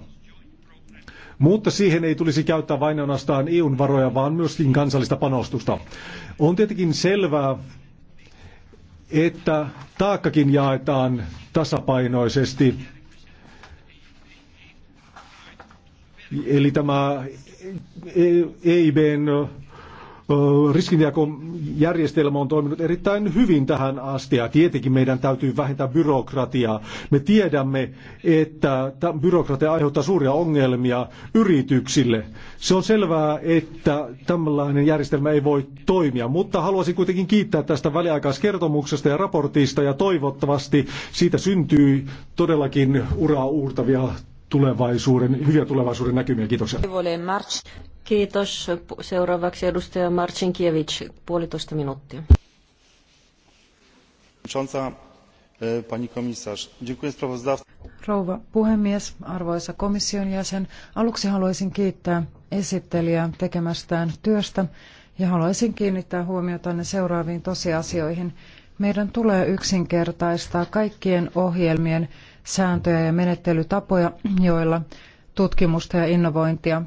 Mutta siihen ei tulisi käyttää vain ainoastaan EUn varoja, vaan myöskin kansallista panostusta. On tietenkin selvää, että taakkakin jaetaan tasapainoisesti. Eli tämä EIBn e- e- e riskinjakojärjestelmä on toiminut erittäin hyvin tähän asti ja tietenkin meidän täytyy vähentää byrokratiaa. Me tiedämme, että byrokratia aiheuttaa suuria ongelmia yrityksille. Se on selvää, että tällainen järjestelmä ei voi toimia, mutta haluaisin kuitenkin kiittää tästä väliaikaiskertomuksesta ja raportista ja toivottavasti siitä syntyy todellakin uraa uurtavia tulevaisuuden, hyviä tulevaisuuden näkymiä. Kiitoksia. Kiitos. Seuraavaksi edustaja Marcin Kiewicz, puolitoista minuuttia. E, Rouva puhemies, arvoisa komission jäsen, aluksi haluaisin kiittää esittelijää tekemästään työstä ja haluaisin kiinnittää huomiotanne seuraaviin tosiasioihin. Meidän tulee yksinkertaistaa kaikkien ohjelmien sääntöjä ja menettelytapoja, joilla tutkimusta ja innovointia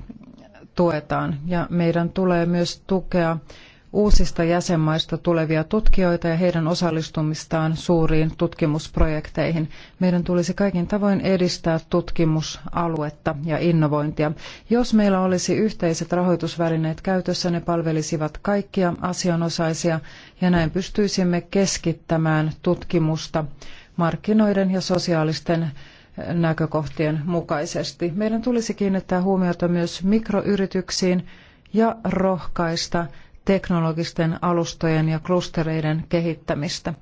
tuetaan. Ja meidän tulee myös tukea uusista jäsenmaista tulevia tutkijoita ja heidän osallistumistaan suuriin tutkimusprojekteihin. Meidän tulisi kaikin tavoin edistää tutkimusaluetta ja innovointia. Jos meillä olisi yhteiset rahoitusvälineet käytössä, ne palvelisivat kaikkia asianosaisia ja näin pystyisimme keskittämään tutkimusta markkinoiden ja sosiaalisten näkökohtien mukaisesti. Meidän tulisi kiinnittää huomiota myös mikroyrityksiin ja rohkaista teknologisten alustojen ja klustereiden kehittämistä.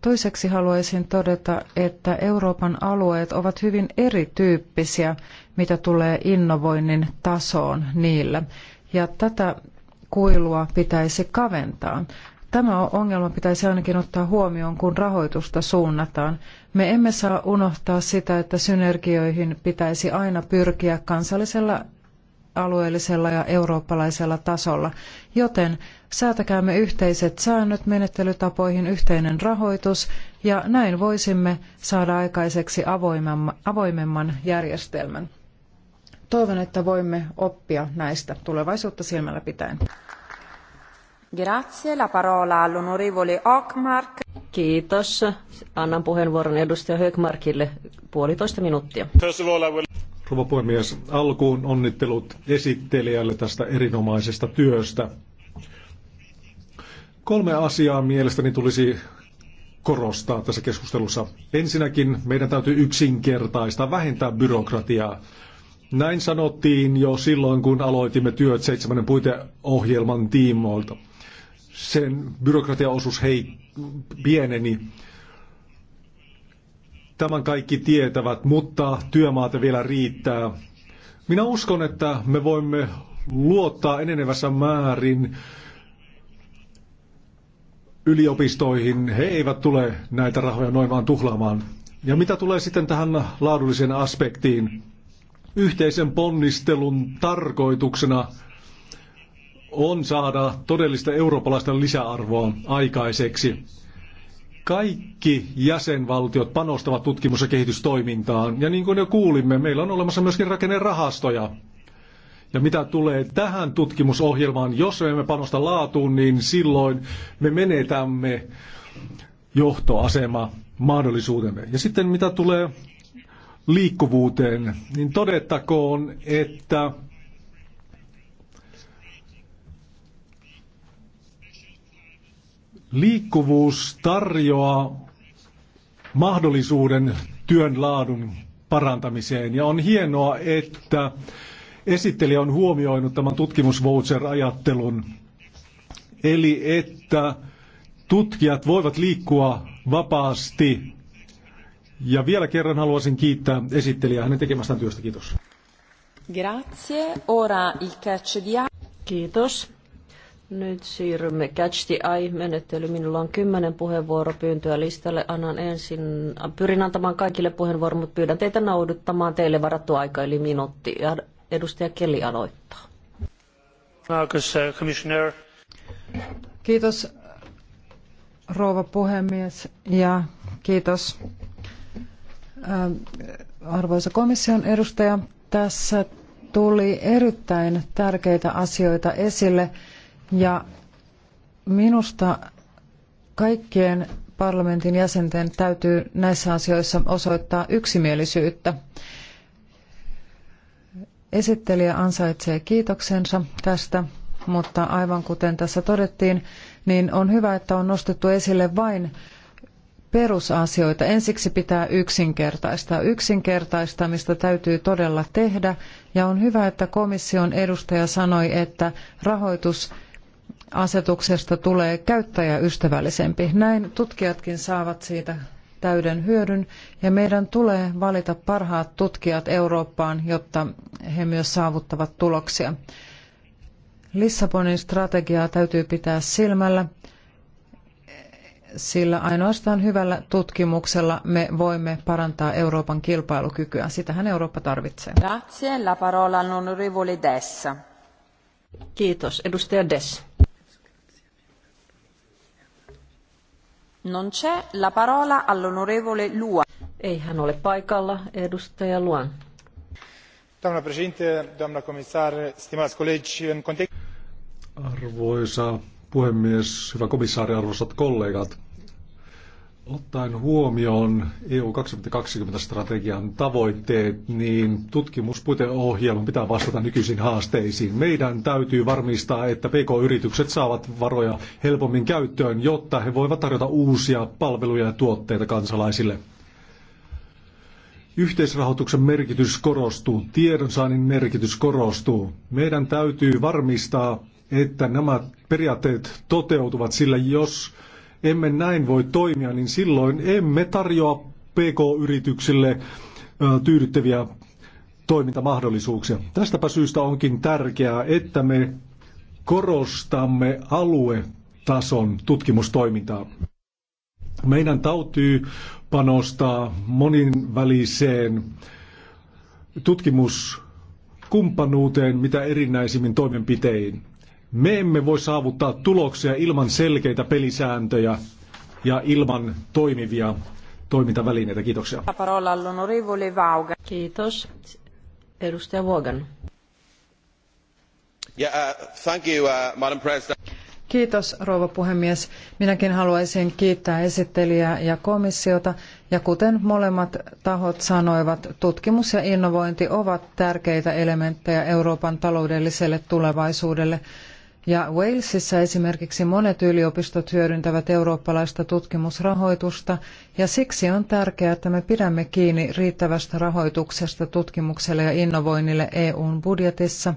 Toiseksi haluaisin todeta, että Euroopan alueet ovat hyvin erityyppisiä, mitä tulee innovoinnin tasoon niillä. Ja tätä kuilua pitäisi kaventaa. Tämä ongelma pitäisi ainakin ottaa huomioon, kun rahoitusta suunnataan. Me emme saa unohtaa sitä, että synergioihin pitäisi aina pyrkiä kansallisella, alueellisella ja eurooppalaisella tasolla. Joten säätäkäämme yhteiset säännöt menettelytapoihin yhteinen rahoitus ja näin voisimme saada aikaiseksi avoimemman järjestelmän. Toivon, että voimme oppia näistä tulevaisuutta silmällä pitäen. Kiitos. Annan puheenvuoron edustaja Högmarkille puolitoista minuuttia. Rouva puhemies, alkuun onnittelut esittelijälle tästä erinomaisesta työstä. Kolme asiaa mielestäni tulisi korostaa tässä keskustelussa. Ensinnäkin meidän täytyy yksinkertaistaa, vähentää byrokratiaa. Näin sanottiin jo silloin, kun aloitimme työt seitsemännen puiteohjelman tiimoilta sen byrokratiaosuus hei, pieneni. Tämän kaikki tietävät, mutta työmaata vielä riittää. Minä uskon, että me voimme luottaa enenevässä määrin yliopistoihin. He eivät tule näitä rahoja noin vaan tuhlaamaan. Ja mitä tulee sitten tähän laadulliseen aspektiin? Yhteisen ponnistelun tarkoituksena on saada todellista eurooppalaista lisäarvoa aikaiseksi. Kaikki jäsenvaltiot panostavat tutkimus- ja kehitystoimintaan, ja niin kuin jo kuulimme, meillä on olemassa myöskin rakennerahastoja. Ja mitä tulee tähän tutkimusohjelmaan, jos me emme panosta laatuun, niin silloin me menetämme johtoasema mahdollisuutemme. Ja sitten mitä tulee liikkuvuuteen, niin todettakoon, että Liikkuvuus tarjoaa mahdollisuuden työn laadun parantamiseen ja on hienoa, että esittelijä on huomioinut tämän tutkimusvoucher-ajattelun, eli että tutkijat voivat liikkua vapaasti. Ja vielä kerran haluaisin kiittää esittelijää hänen tekemästään työstä. Kiitos. Grazie. Ora il Kiitos. Nyt siirrymme Catch the Eye-menettely. Minulla on kymmenen puheenvuoropyyntöä listalle. Annan ensin, pyrin antamaan kaikille puheenvuoron, mutta pyydän teitä noudattamaan teille varattu aika, eli minuutti. Ja edustaja Kelly aloittaa. Uh, kiitos rouva puhemies ja kiitos äh, arvoisa komission edustaja. Tässä tuli erittäin tärkeitä asioita esille. Ja minusta kaikkien parlamentin jäsenten täytyy näissä asioissa osoittaa yksimielisyyttä. Esittelijä ansaitsee kiitoksensa tästä, mutta aivan kuten tässä todettiin, niin on hyvä, että on nostettu esille vain perusasioita. Ensiksi pitää yksinkertaistaa. Yksinkertaistamista täytyy todella tehdä ja on hyvä, että komission edustaja sanoi, että rahoitus asetuksesta tulee käyttäjäystävällisempi. Näin tutkijatkin saavat siitä täyden hyödyn ja meidän tulee valita parhaat tutkijat Eurooppaan, jotta he myös saavuttavat tuloksia. Lissabonin strategiaa täytyy pitää silmällä, sillä ainoastaan hyvällä tutkimuksella me voimme parantaa Euroopan kilpailukykyä. Sitähän Eurooppa tarvitsee. Grazie, la parola on Des. Kiitos, edustaja Des. Non c'è la parola all'onorevole Luan. Ei hän ole paikalla, edustaja Luan. Doamna doamna comisar, stimați colegi, în context... Arvoisa puhemies, hyvä komissaari, arvoisat kollegat. Ottaen huomioon EU 2020-strategian tavoitteet, niin tutkimuspuiteohjelman pitää vastata nykyisiin haasteisiin. Meidän täytyy varmistaa, että PK-yritykset saavat varoja helpommin käyttöön, jotta he voivat tarjota uusia palveluja ja tuotteita kansalaisille. Yhteisrahoituksen merkitys korostuu, tiedonsaannin merkitys korostuu. Meidän täytyy varmistaa, että nämä periaatteet toteutuvat, sillä jos emme näin voi toimia, niin silloin emme tarjoa PK-yrityksille tyydyttäviä toimintamahdollisuuksia. Tästäpä syystä onkin tärkeää, että me korostamme aluetason tutkimustoimintaa. Meidän täytyy panostaa moninväliseen tutkimuskumppanuuteen mitä erinäisimmin toimenpitein. Me emme voi saavuttaa tuloksia ilman selkeitä pelisääntöjä ja ilman toimivia toimintavälineitä. Kiitoksia. Kiitos. Edustaja uh, uh, President. Kiitos rouva puhemies. Minäkin haluaisin kiittää esittelijää ja komissiota. Ja kuten molemmat tahot sanoivat, tutkimus ja innovointi ovat tärkeitä elementtejä Euroopan taloudelliselle tulevaisuudelle. Ja Walesissa esimerkiksi monet yliopistot hyödyntävät eurooppalaista tutkimusrahoitusta, ja siksi on tärkeää, että me pidämme kiinni riittävästä rahoituksesta tutkimukselle ja innovoinnille EUn budjetissa.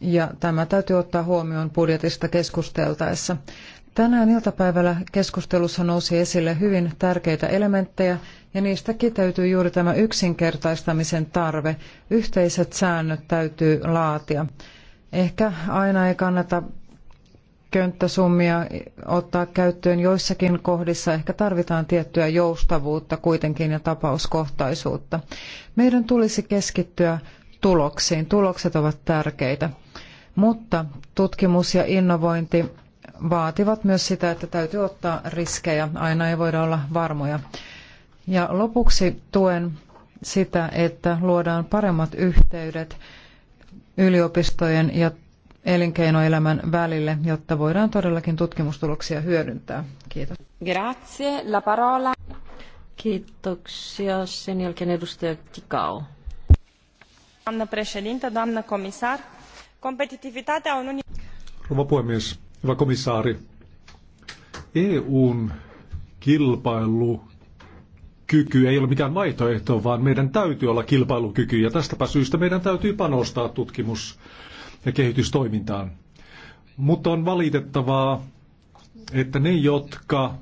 Ja tämä täytyy ottaa huomioon budjetista keskusteltaessa. Tänään iltapäivällä keskustelussa nousi esille hyvin tärkeitä elementtejä, ja niistä kiteytyy juuri tämä yksinkertaistamisen tarve. Yhteiset säännöt täytyy laatia. Ehkä aina ei kannata könttäsummia ottaa käyttöön joissakin kohdissa. Ehkä tarvitaan tiettyä joustavuutta kuitenkin ja tapauskohtaisuutta. Meidän tulisi keskittyä tuloksiin. Tulokset ovat tärkeitä. Mutta tutkimus ja innovointi vaativat myös sitä, että täytyy ottaa riskejä. Aina ei voida olla varmoja. Ja lopuksi tuen sitä, että luodaan paremmat yhteydet yliopistojen ja elinkeinoelämän välille, jotta voidaan todellakin tutkimustuloksia hyödyntää. Kiitos. Grazie, la parola. Kiitoksia. Sen jälkeen edustaja Tikau. Doamnă președintă, doamnă comisar, competitivitatea Uniunii... Rouva puhemies, hyvä komissaari, EUn kilpailu kilpailukyky ei ole mikään vaihtoehto, vaan meidän täytyy olla kilpailukyky ja tästäpä syystä meidän täytyy panostaa tutkimus- ja kehitystoimintaan. Mutta on valitettavaa, että ne, jotka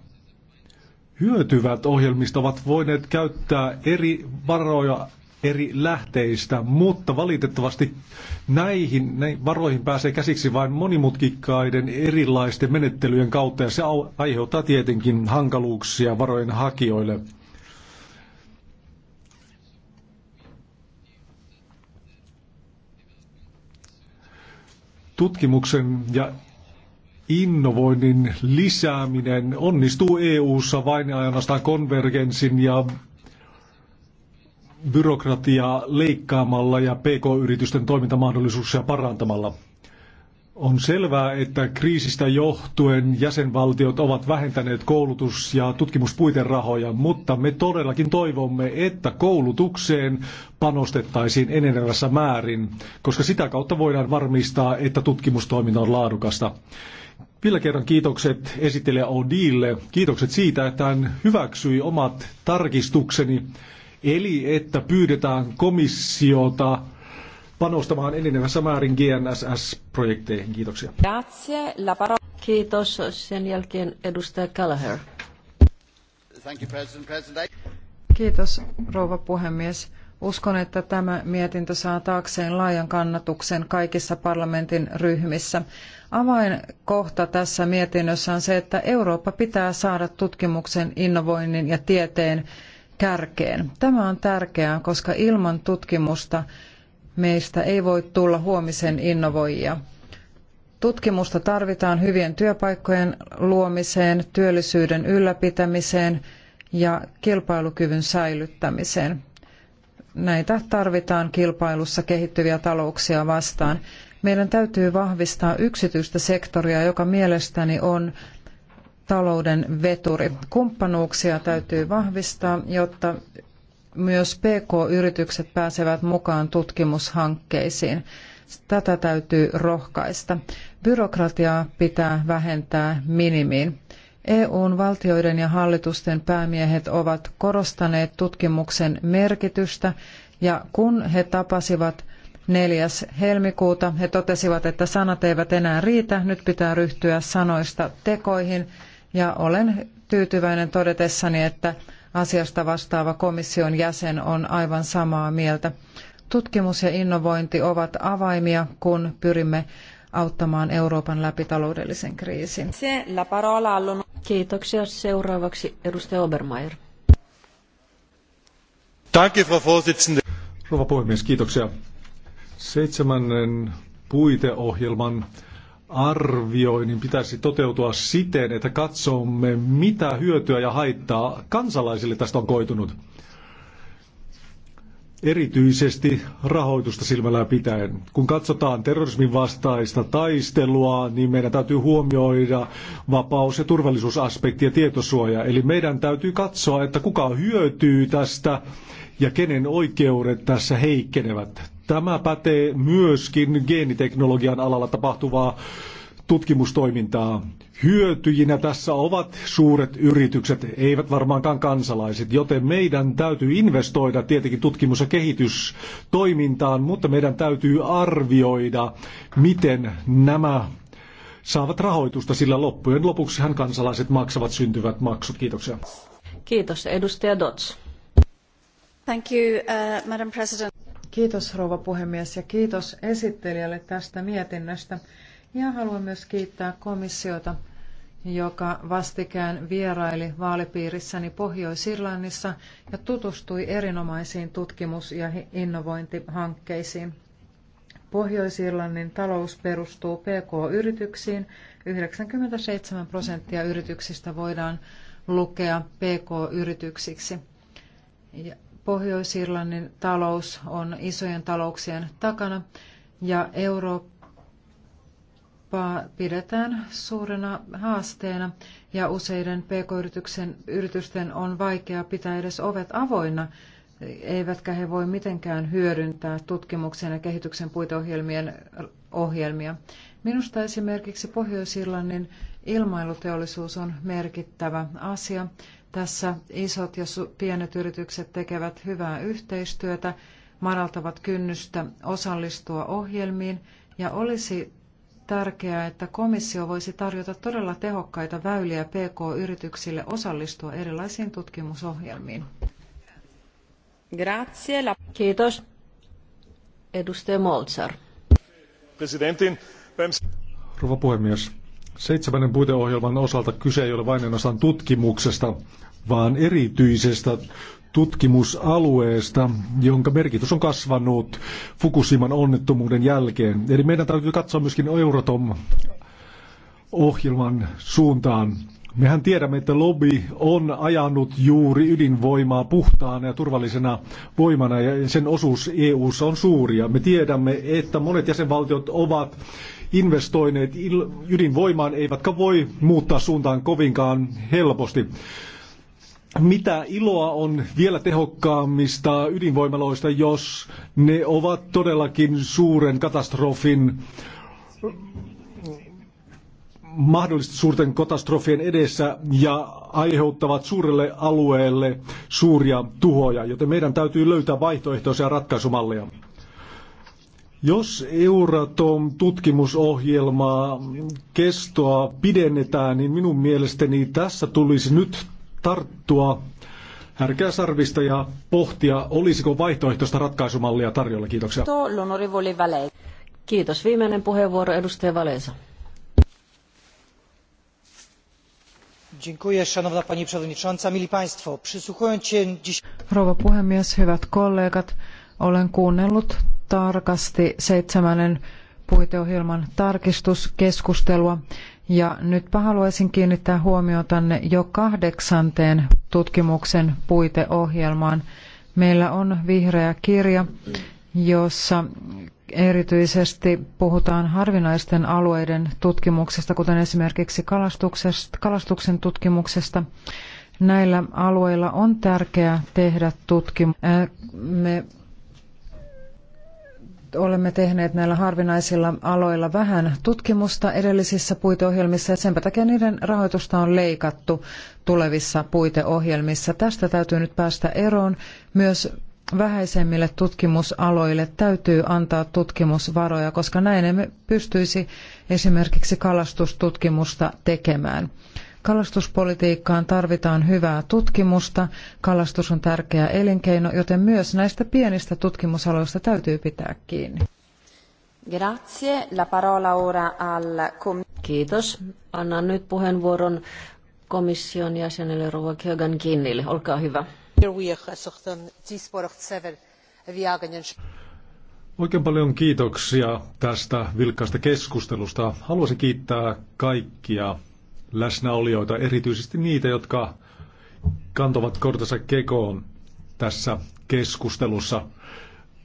hyötyvät ohjelmista, ovat voineet käyttää eri varoja eri lähteistä, mutta valitettavasti näihin, näihin varoihin pääsee käsiksi vain monimutkikkaiden erilaisten menettelyjen kautta ja se aiheuttaa tietenkin hankaluuksia varojen hakijoille. Tutkimuksen ja innovoinnin lisääminen onnistuu EU-ssa vain ainoastaan konvergenssin ja byrokratiaa leikkaamalla ja pk-yritysten toimintamahdollisuuksia parantamalla. On selvää, että kriisistä johtuen jäsenvaltiot ovat vähentäneet koulutus- ja tutkimuspuiterahoja, mutta me todellakin toivomme, että koulutukseen panostettaisiin enenevässä määrin, koska sitä kautta voidaan varmistaa, että tutkimustoiminta on laadukasta. Vielä kerran kiitokset esittelijä Odille. Kiitokset siitä, että hän hyväksyi omat tarkistukseni, eli että pyydetään komissiota panostamaan enenevässä määrin GNSS-projekteihin. Kiitoksia. Kiitos. Sen jälkeen edustaja Gallagher. Kiitos, rouva puhemies. Uskon, että tämä mietintö saa taakseen laajan kannatuksen kaikissa parlamentin ryhmissä. Avainkohta tässä mietinnössä on se, että Eurooppa pitää saada tutkimuksen, innovoinnin ja tieteen kärkeen. Tämä on tärkeää, koska ilman tutkimusta Meistä ei voi tulla huomisen innovoijia. Tutkimusta tarvitaan hyvien työpaikkojen luomiseen, työllisyyden ylläpitämiseen ja kilpailukyvyn säilyttämiseen. Näitä tarvitaan kilpailussa kehittyviä talouksia vastaan. Meidän täytyy vahvistaa yksityistä sektoria, joka mielestäni on talouden veturi. Kumppanuuksia täytyy vahvistaa, jotta myös PK-yritykset pääsevät mukaan tutkimushankkeisiin. Tätä täytyy rohkaista. Byrokratiaa pitää vähentää minimiin. EUn valtioiden ja hallitusten päämiehet ovat korostaneet tutkimuksen merkitystä ja kun he tapasivat 4. helmikuuta, he totesivat, että sanat eivät enää riitä, nyt pitää ryhtyä sanoista tekoihin ja olen tyytyväinen todetessani, että asiasta vastaava komission jäsen on aivan samaa mieltä. Tutkimus ja innovointi ovat avaimia, kun pyrimme auttamaan Euroopan läpi taloudellisen kriisin. Kiitoksia. Seuraavaksi edustaja Obermeier. Rouva puhemies, kiitoksia. Seitsemännen puiteohjelman arvioinnin pitäisi toteutua siten, että katsomme, mitä hyötyä ja haittaa kansalaisille tästä on koitunut. Erityisesti rahoitusta silmällä pitäen. Kun katsotaan terrorismin vastaista taistelua, niin meidän täytyy huomioida vapaus- ja turvallisuusaspekti ja tietosuoja. Eli meidän täytyy katsoa, että kuka hyötyy tästä ja kenen oikeudet tässä heikkenevät. Tämä pätee myöskin geeniteknologian alalla tapahtuvaa tutkimustoimintaa. Hyötyjinä tässä ovat suuret yritykset, eivät varmaankaan kansalaiset, joten meidän täytyy investoida tietenkin tutkimus- ja kehitystoimintaan, mutta meidän täytyy arvioida, miten nämä saavat rahoitusta, sillä loppujen lopuksi hän kansalaiset maksavat syntyvät maksut. Kiitoksia. Kiitos. Edustaja Dots. Thank you, uh, Madam President. Kiitos rouva puhemies ja kiitos esittelijälle tästä mietinnöstä. Ja haluan myös kiittää komissiota, joka vastikään vieraili vaalipiirissäni Pohjois-Irlannissa ja tutustui erinomaisiin tutkimus- ja innovointihankkeisiin. Pohjois-Irlannin talous perustuu PK-yrityksiin. 97 prosenttia yrityksistä voidaan lukea PK-yrityksiksi. Pohjois-Irlannin talous on isojen talouksien takana ja Eurooppaa pidetään suurena haasteena ja useiden pk-yritysten on vaikea pitää edes ovet avoinna, eivätkä he voi mitenkään hyödyntää tutkimuksen ja kehityksen puiteohjelmien ohjelmia. Minusta esimerkiksi Pohjois-Irlannin ilmailuteollisuus on merkittävä asia tässä isot ja pienet yritykset tekevät hyvää yhteistyötä, madaltavat kynnystä osallistua ohjelmiin ja olisi tärkeää, että komissio voisi tarjota todella tehokkaita väyliä PK-yrityksille osallistua erilaisiin tutkimusohjelmiin. Grazie. Kiitos. Edustaja Moltsar. Presidentin. Rouva puhemies, Seitsemännen puiteohjelman osalta kyse ei ole vain ainoastaan tutkimuksesta, vaan erityisestä tutkimusalueesta, jonka merkitys on kasvanut Fukushiman onnettomuuden jälkeen. Eli meidän täytyy katsoa myöskin Euratom-ohjelman suuntaan. Mehän tiedämme, että lobby on ajanut juuri ydinvoimaa puhtaana ja turvallisena voimana ja sen osuus EU:ssa on suuri. Ja me tiedämme, että monet jäsenvaltiot ovat investoineet ydinvoimaan, eivätkä voi muuttaa suuntaan kovinkaan helposti. Mitä iloa on vielä tehokkaammista ydinvoimaloista, jos ne ovat todellakin suuren katastrofin mahdollisesti suurten katastrofien edessä ja aiheuttavat suurelle alueelle suuria tuhoja, joten meidän täytyy löytää vaihtoehtoisia ratkaisumalleja. Jos Euratom-tutkimusohjelmaa kestoa pidennetään, niin minun mielestäni tässä tulisi nyt tarttua härkää sarvista ja pohtia, olisiko vaihtoehtoista ratkaisumallia tarjolla. Kiitoksia. Kiitos. Viimeinen puheenvuoro, edustaja Valensa. Rouva puhemies, hyvät kollegat, olen kuunnellut tarkasti seitsemännen puiteohjelman tarkistuskeskustelua ja nytpä haluaisin kiinnittää huomiotanne jo kahdeksanteen tutkimuksen puiteohjelmaan. Meillä on vihreä kirja, jossa Erityisesti puhutaan harvinaisten alueiden tutkimuksesta, kuten esimerkiksi kalastuksen tutkimuksesta. Näillä alueilla on tärkeää tehdä tutkimusta. Me olemme tehneet näillä harvinaisilla aloilla vähän tutkimusta edellisissä puiteohjelmissa ja senpä takia niiden rahoitusta on leikattu tulevissa puiteohjelmissa. Tästä täytyy nyt päästä eroon. Myös vähäisemmille tutkimusaloille täytyy antaa tutkimusvaroja, koska näin emme pystyisi esimerkiksi kalastustutkimusta tekemään. Kalastuspolitiikkaan tarvitaan hyvää tutkimusta. Kalastus on tärkeä elinkeino, joten myös näistä pienistä tutkimusaloista täytyy pitää kiinni. Grazie. La parola ora al Kiitos. Annan nyt puheenvuoron komission jäsenelle Rova Kjögan Kinnille. Olkaa hyvä. Oikein paljon kiitoksia tästä vilkkaasta keskustelusta. Haluaisin kiittää kaikkia läsnäolijoita, erityisesti niitä, jotka kantovat kortensa kekoon tässä keskustelussa.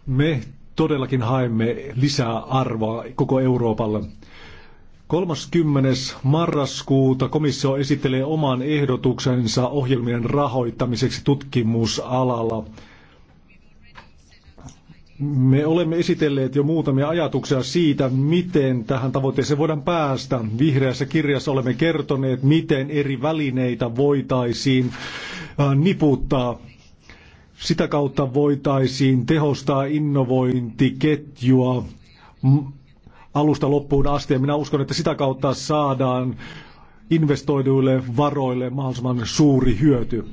Me todellakin haemme lisää arvoa koko Euroopalle. 30. marraskuuta komissio esittelee oman ehdotuksensa ohjelmien rahoittamiseksi tutkimusalalla. Me olemme esitelleet jo muutamia ajatuksia siitä, miten tähän tavoitteeseen voidaan päästä. Vihreässä kirjassa olemme kertoneet, miten eri välineitä voitaisiin äh, niputtaa. Sitä kautta voitaisiin tehostaa innovointiketjua, alusta loppuun asti. Ja minä uskon, että sitä kautta saadaan investoiduille varoille mahdollisimman suuri hyöty.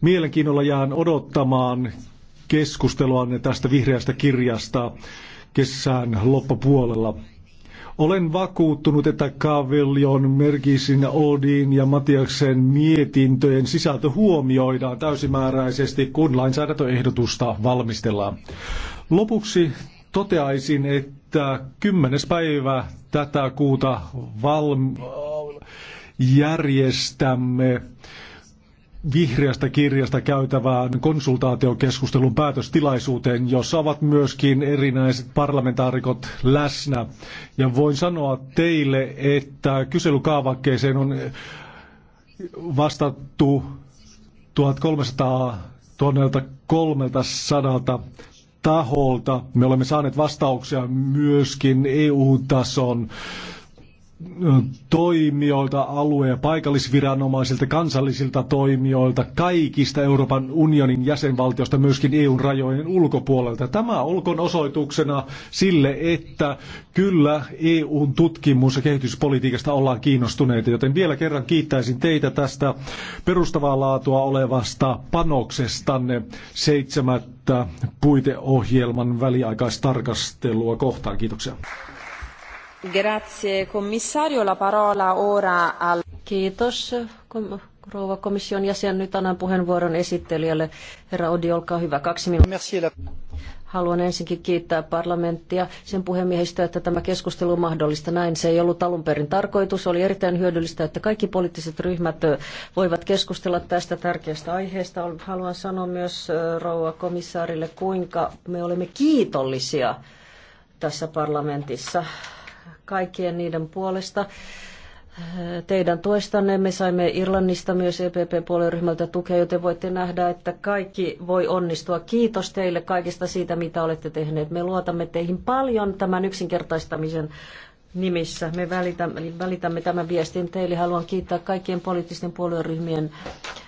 Mielenkiinnolla jään odottamaan keskustelua tästä vihreästä kirjasta kesän loppupuolella. Olen vakuuttunut, että Kaviljon, Merkisin, Odin ja Matiaksen mietintöjen sisältö huomioidaan täysimääräisesti, kun lainsäädäntöehdotusta valmistellaan. Lopuksi toteaisin, että että 10. päivä tätä kuuta valm- järjestämme vihreästä kirjasta käytävään konsultaatiokeskustelun päätöstilaisuuteen, jossa ovat myöskin erinäiset parlamentaarikot läsnä. Ja voin sanoa teille, että kyselykaavakkeeseen on vastattu 1300 300 taholta. Me olemme saaneet vastauksia myöskin EU-tason toimijoilta, alue- ja paikallisviranomaisilta, kansallisilta toimijoilta, kaikista Euroopan unionin jäsenvaltioista, myöskin EUn rajojen ulkopuolelta. Tämä olkoon osoituksena sille, että kyllä EUn tutkimus- ja kehityspolitiikasta ollaan kiinnostuneita, joten vielä kerran kiittäisin teitä tästä perustavaa laatua olevasta panoksestanne seitsemättä puiteohjelman väliaikaistarkastelua kohtaan. Kiitoksia. Grazie, komissario. La parola ora al... Kiitos, rouva komission jäsen. Nyt annan puheenvuoron esittelijälle. Herra Odi, olkaa hyvä. Kaksi minuuttia. Haluan ensinkin kiittää parlamenttia sen puhemiehistöä, että tämä keskustelu on mahdollista. Näin se ei ollut alun perin tarkoitus. Oli erittäin hyödyllistä, että kaikki poliittiset ryhmät voivat keskustella tästä tärkeästä aiheesta. Haluan sanoa myös rouva komissaarille, kuinka me olemme kiitollisia tässä parlamentissa kaikkien niiden puolesta. Teidän tuestanne me saimme Irlannista myös EPP-puolueryhmältä tukea, joten voitte nähdä, että kaikki voi onnistua. Kiitos teille kaikista siitä, mitä olette tehneet. Me luotamme teihin paljon tämän yksinkertaistamisen nimissä. Me välitämme, välitämme tämän viestin teille. Haluan kiittää kaikkien poliittisten puolueryhmien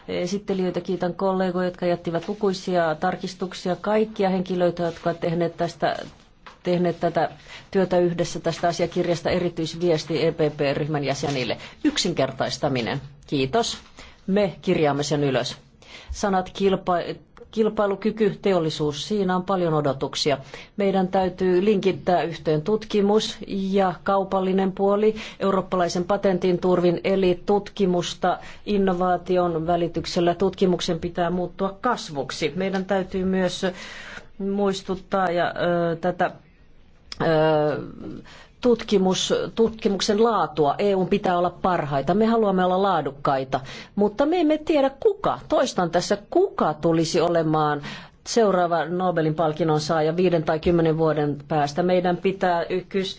esittelijöitä. Kiitän kollegoja, jotka jättivät lukuisia tarkistuksia. Kaikkia henkilöitä, jotka ovat tehneet tästä tehneet tätä työtä yhdessä tästä asiakirjasta erityisviesti EPP-ryhmän jäsenille. Yksinkertaistaminen. Kiitos. Me kirjaamme sen ylös. Sanat kilpa- kilpailukyky, teollisuus, siinä on paljon odotuksia. Meidän täytyy linkittää yhteen tutkimus ja kaupallinen puoli eurooppalaisen patentin turvin, eli tutkimusta innovaation välityksellä. Tutkimuksen pitää muuttua kasvuksi. Meidän täytyy myös muistuttaa ja ö, tätä tutkimus, tutkimuksen laatua. EUn pitää olla parhaita. Me haluamme olla laadukkaita, mutta me emme tiedä kuka. Toistan tässä, kuka tulisi olemaan seuraava Nobelin palkinnon saaja viiden tai kymmenen vuoden päästä. Meidän pitää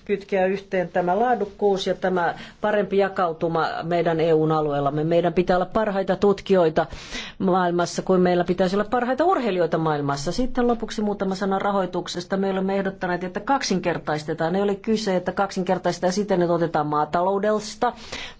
kytkeä yhteen tämä laadukkuus ja tämä parempi jakautuma meidän EUn alueellamme. Meidän pitää olla parhaita tutkijoita maailmassa kuin meillä pitäisi olla parhaita urheilijoita maailmassa. Sitten lopuksi muutama sana rahoituksesta. Me olemme ehdottaneet, että kaksinkertaistetaan. Ei ole kyse, että kaksinkertaistetaan siten, että otetaan maataloudesta,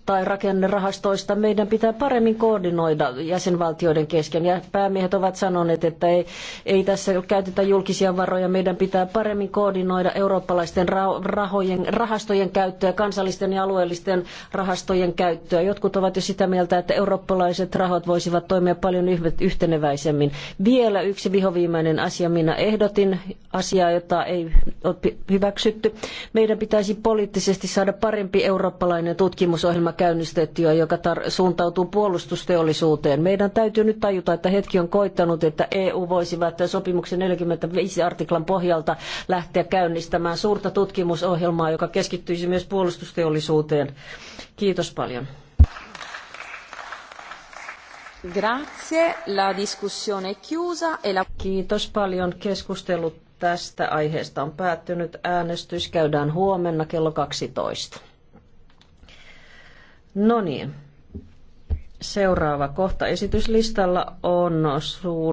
tai rakennerahastoista meidän pitää paremmin koordinoida jäsenvaltioiden kesken. Ja päämiehet ovat sanoneet, että ei, ei tässä käytetä julkisia varoja. Meidän pitää paremmin koordinoida eurooppalaisten rahojen, rahastojen käyttöä, kansallisten ja alueellisten rahastojen käyttöä. Jotkut ovat jo sitä mieltä, että eurooppalaiset rahat voisivat toimia paljon yhteneväisemmin. Vielä yksi vihoviimeinen asia. Minä ehdotin asiaa, jota ei ole hyväksytty. Meidän pitäisi poliittisesti saada parempi eurooppalainen tutkimusohjelma käynnistetty ja joka suuntautuu puolustusteollisuuteen. Meidän täytyy nyt tajuta, että hetki on koittanut, että EU voisi välttää sopimuksen 45 artiklan pohjalta lähteä käynnistämään suurta tutkimusohjelmaa, joka keskittyisi myös puolustusteollisuuteen. Kiitos paljon. Grazie, la discussione chiusa e la... Kiitos paljon. Keskustelu tästä aiheesta on päättynyt. Äänestys käydään huomenna kello 12. No niin. Seuraava kohta esityslistalla on suur